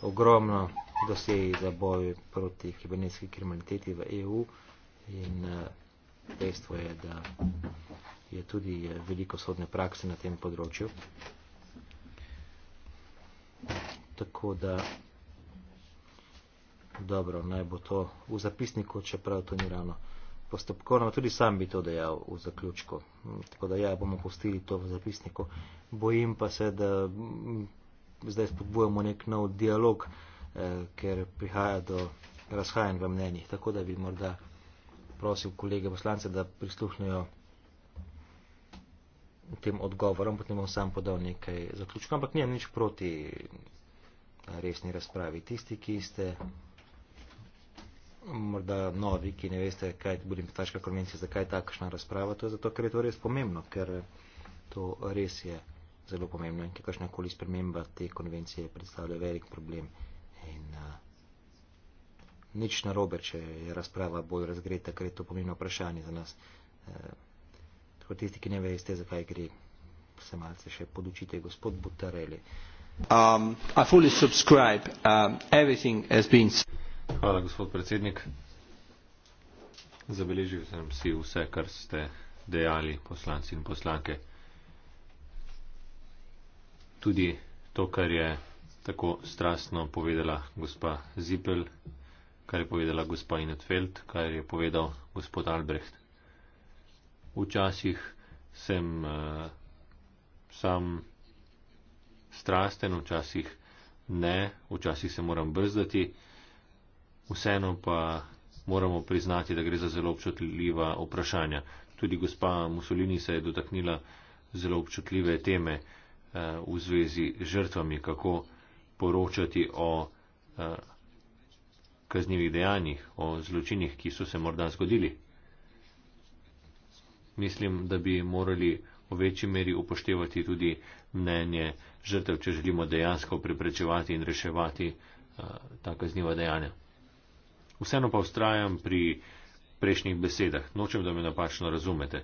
ogromno dosjeji za boj proti kibernetski kriminaliteti v EU in eh, dejstvo je, da je tudi eh, veliko sodne prakse na tem področju. Tako da, dobro, naj bo to v zapisniku, čeprav to ni ravno postopkovno, tudi sam bi to dejal v zaključku. Mm, Tako da ja, bomo postili to v zapisniku. Bojim pa se, da mm, zdaj spodbujamo nek nov dialog, eh, ker prihaja do razhajanj v mnenjih. Tako da bi morda prosil kolege poslance, da prisluhnejo tem odgovorom, potem bom sam podal nekaj zaključkov, ampak nijem nič proti resni razpravi. Tisti, ki ste morda novi, ki ne veste, kaj je Budimpeštaška konvencija, zakaj je takšna razprava, to je zato, ker je to res pomembno, ker to res je zelo pomembno in ker kakšna koli sprememba te konvencije predstavlja velik problem. In uh, nič narobe, če je razprava bolj razgreta, ker je to pomembno vprašanje za nas. Uh, tako tisti, ki ne veste, zakaj gre, se malce še podučite, gospod Butareli. Um, I fully subscribe. Um, everything has been said. Hvala, gospod predsednik. Zabeležil sem si vse, kar ste dejali poslanci in poslanke. Tudi to, kar je tako strastno povedala gospa Zipel, kar je povedala gospa Inetfeld, kar je povedal gospod Albrecht. Včasih sem uh, sam strasten, včasih ne, včasih se moram brzdati. Uh, vseeno pa moramo priznati, da gre za zelo občutljiva vprašanja. Tudi gospa Mussolini se je dotaknila zelo občutljive teme eh, v zvezi z žrtvami, kako poročati o eh, kaznjivih dejanjih, o zločinih, ki so se morda zgodili. Mislim, da bi morali v večji meri upoštevati tudi mnenje žrtev, če želimo dejansko preprečevati in reševati uh, ta kazniva dejanja. Vseeno pa ustrajam pri prejšnjih besedah. Nočem, da me napačno razumete.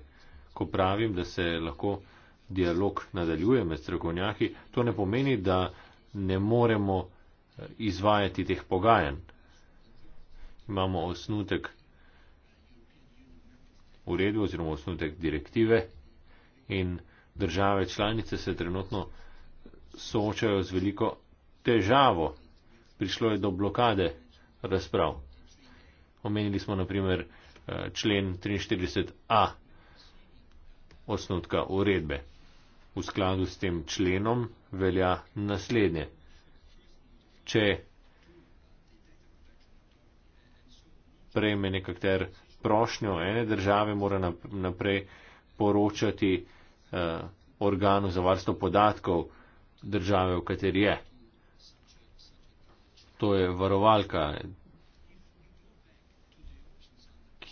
Ko pravim, da se lahko dialog nadaljuje med strokovnjaki, to ne pomeni, da ne moremo eh, izvajati teh pogajanj. Imamo osnutek uredu oziroma osnutek direktive in države članice se trenutno soočajo z veliko težavo. Prišlo je do blokade razprav. Omenili smo naprimer eh, člen 43a osnotka uredbe. V skladu s tem členom velja naslednje. Če prejme nekater prošnjo ene države, mora naprej poročati eh, organu za varstvo podatkov države, v kateri je. To je varovalka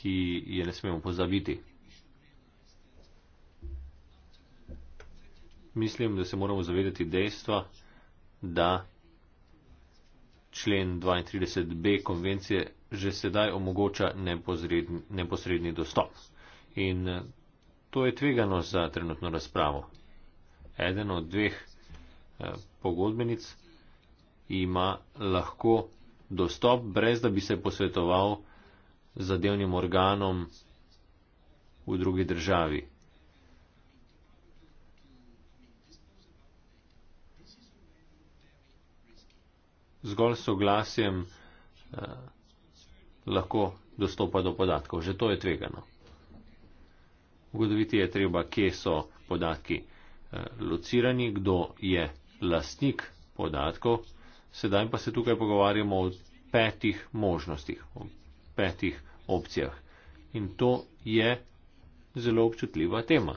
ki je ne smemo pozabiti. Mislim, da se moramo zavedati dejstva, da člen 32b konvencije že sedaj omogoča neposredni dostop. In to je tvegano za trenutno razpravo. Eden od dveh eh, pogodbenic ima lahko dostop, brez da bi se posvetoval zadevnim organom v drugi državi. Zgolj soglasjem eh, lahko dostopa do podatkov. Že to je tvegano. Ugotoviti je treba, kje so podatki eh, locirani, kdo je lastnik podatkov. Sedaj pa se tukaj pogovarjamo o petih možnostih, o petih opcijah. In to je zelo občutljiva tema.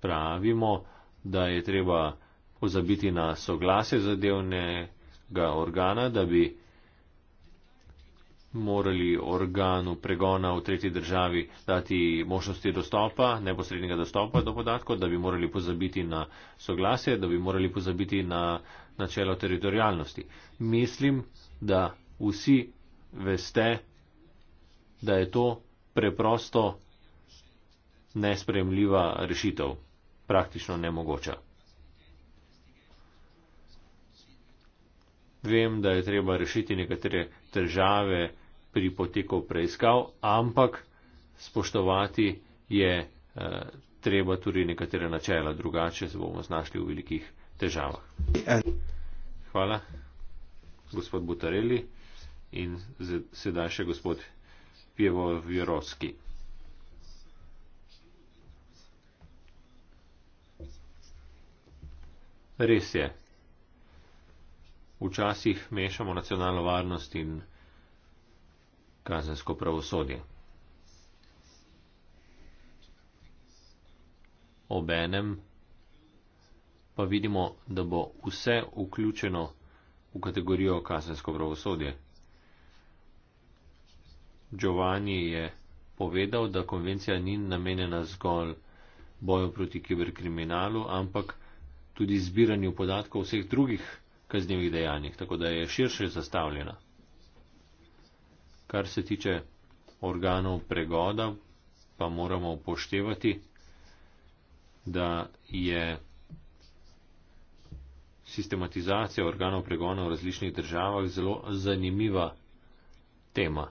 Pravimo, da je treba pozabiti na soglase zadevnega organa, da bi morali organu pregona v tretji državi dati možnosti dostopa, neposrednega dostopa do podatkov, da bi morali pozabiti na soglase, da bi morali pozabiti na načelo teritorijalnosti. Mislim, da vsi veste, da je to preprosto nespremljiva rešitev, praktično nemogoča. Vem, da je treba rešiti nekatere težave pri poteku preiskav, ampak spoštovati je eh, treba tudi nekatere načela, drugače se bomo znašli v velikih težavah. Hvala, gospod Butareli in sedaj še gospod. Pivovirovski. Res je. Včasih mešamo nacionalno varnost in kazensko pravosodje. Obenem pa vidimo, da bo vse vključeno v kategorijo kazensko pravosodje. Giovanni je povedal, da konvencija ni namenjena zgolj boju proti kiberkriminalu, ampak tudi zbiranju podatkov vseh drugih kaznjivih dejanjih, tako da je širše zastavljena. Kar se tiče organov pregoda, pa moramo upoštevati, da je sistematizacija organov pregona v različnih državah zelo zanimiva tema.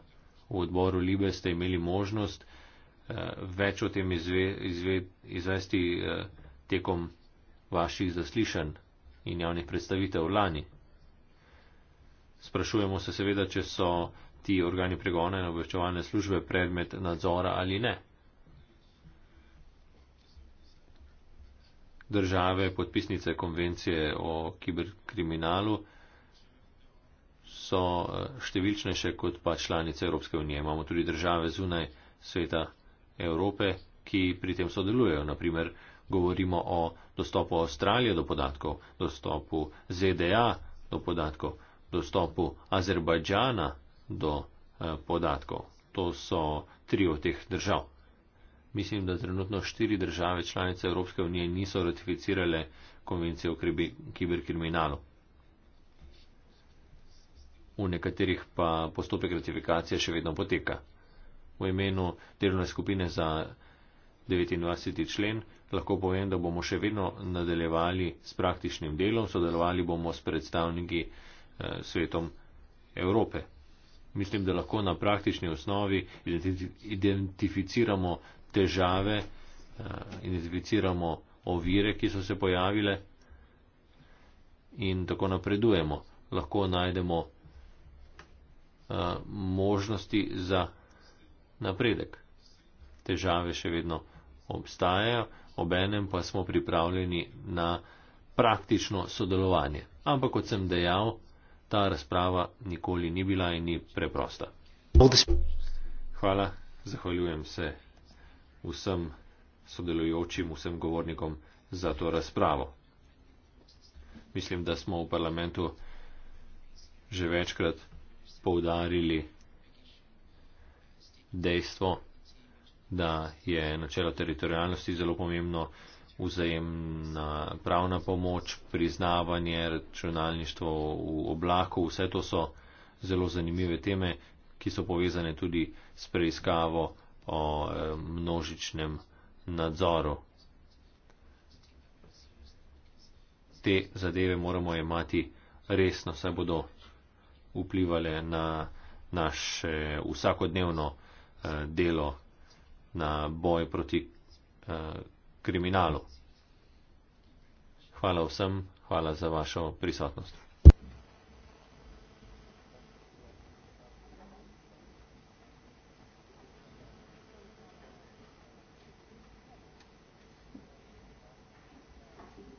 V odboru Libe ste imeli možnost eh, več o tem izve, izve, izvesti eh, tekom vaših zaslišanj in javnih predstavitev lani. Sprašujemo se seveda, če so ti organi pregona in obveščevalne službe predmet nadzora ali ne. Države podpisnice konvencije o kiberkriminalu so eh, številčnejše kot pa članice Evropske unije. Imamo tudi države zunaj sveta Evrope, ki pri tem sodelujejo. Naprimer, govorimo o dostopu Avstralije do podatkov, dostopu ZDA do podatkov, dostopu Azerbajdžana do eh, podatkov. To so tri od teh držav. Mislim, da trenutno štiri države članice Evropske unije niso ratificirale konvencije o kiberkriminalu v nekaterih pa postopek ratifikacije še vedno poteka. V imenu delovne skupine za 29. člen lahko povem, da bomo še vedno nadaljevali s praktičnim delom, sodelovali bomo s predstavniki eh, svetom Evrope. Mislim, da lahko na praktični osnovi identificiramo težave, eh, identificiramo ovire, ki so se pojavile in tako napredujemo. Lahko najdemo Eh, možnosti za napredek. Težave še vedno obstajajo, obenem pa smo pripravljeni na praktično sodelovanje. Ampak, kot sem dejal, ta razprava nikoli ni bila in ni preprosta. Hvala, zahvaljujem se vsem sodelujočim, vsem govornikom za to razpravo. Mislim, da smo v parlamentu že večkrat poudarili dejstvo, da je načelo teritorijalnosti zelo pomembno, vzajemna pravna pomoč, priznavanje, računalništvo v oblaku, vse to so zelo zanimive teme, ki so povezane tudi s preiskavo o eh, množičnem nadzoru. Te zadeve moramo imati resno, saj bodo vplivale na naše vsakodnevno eh, delo, na boj proti eh, kriminalu. Hvala vsem, hvala za vašo prisotnost.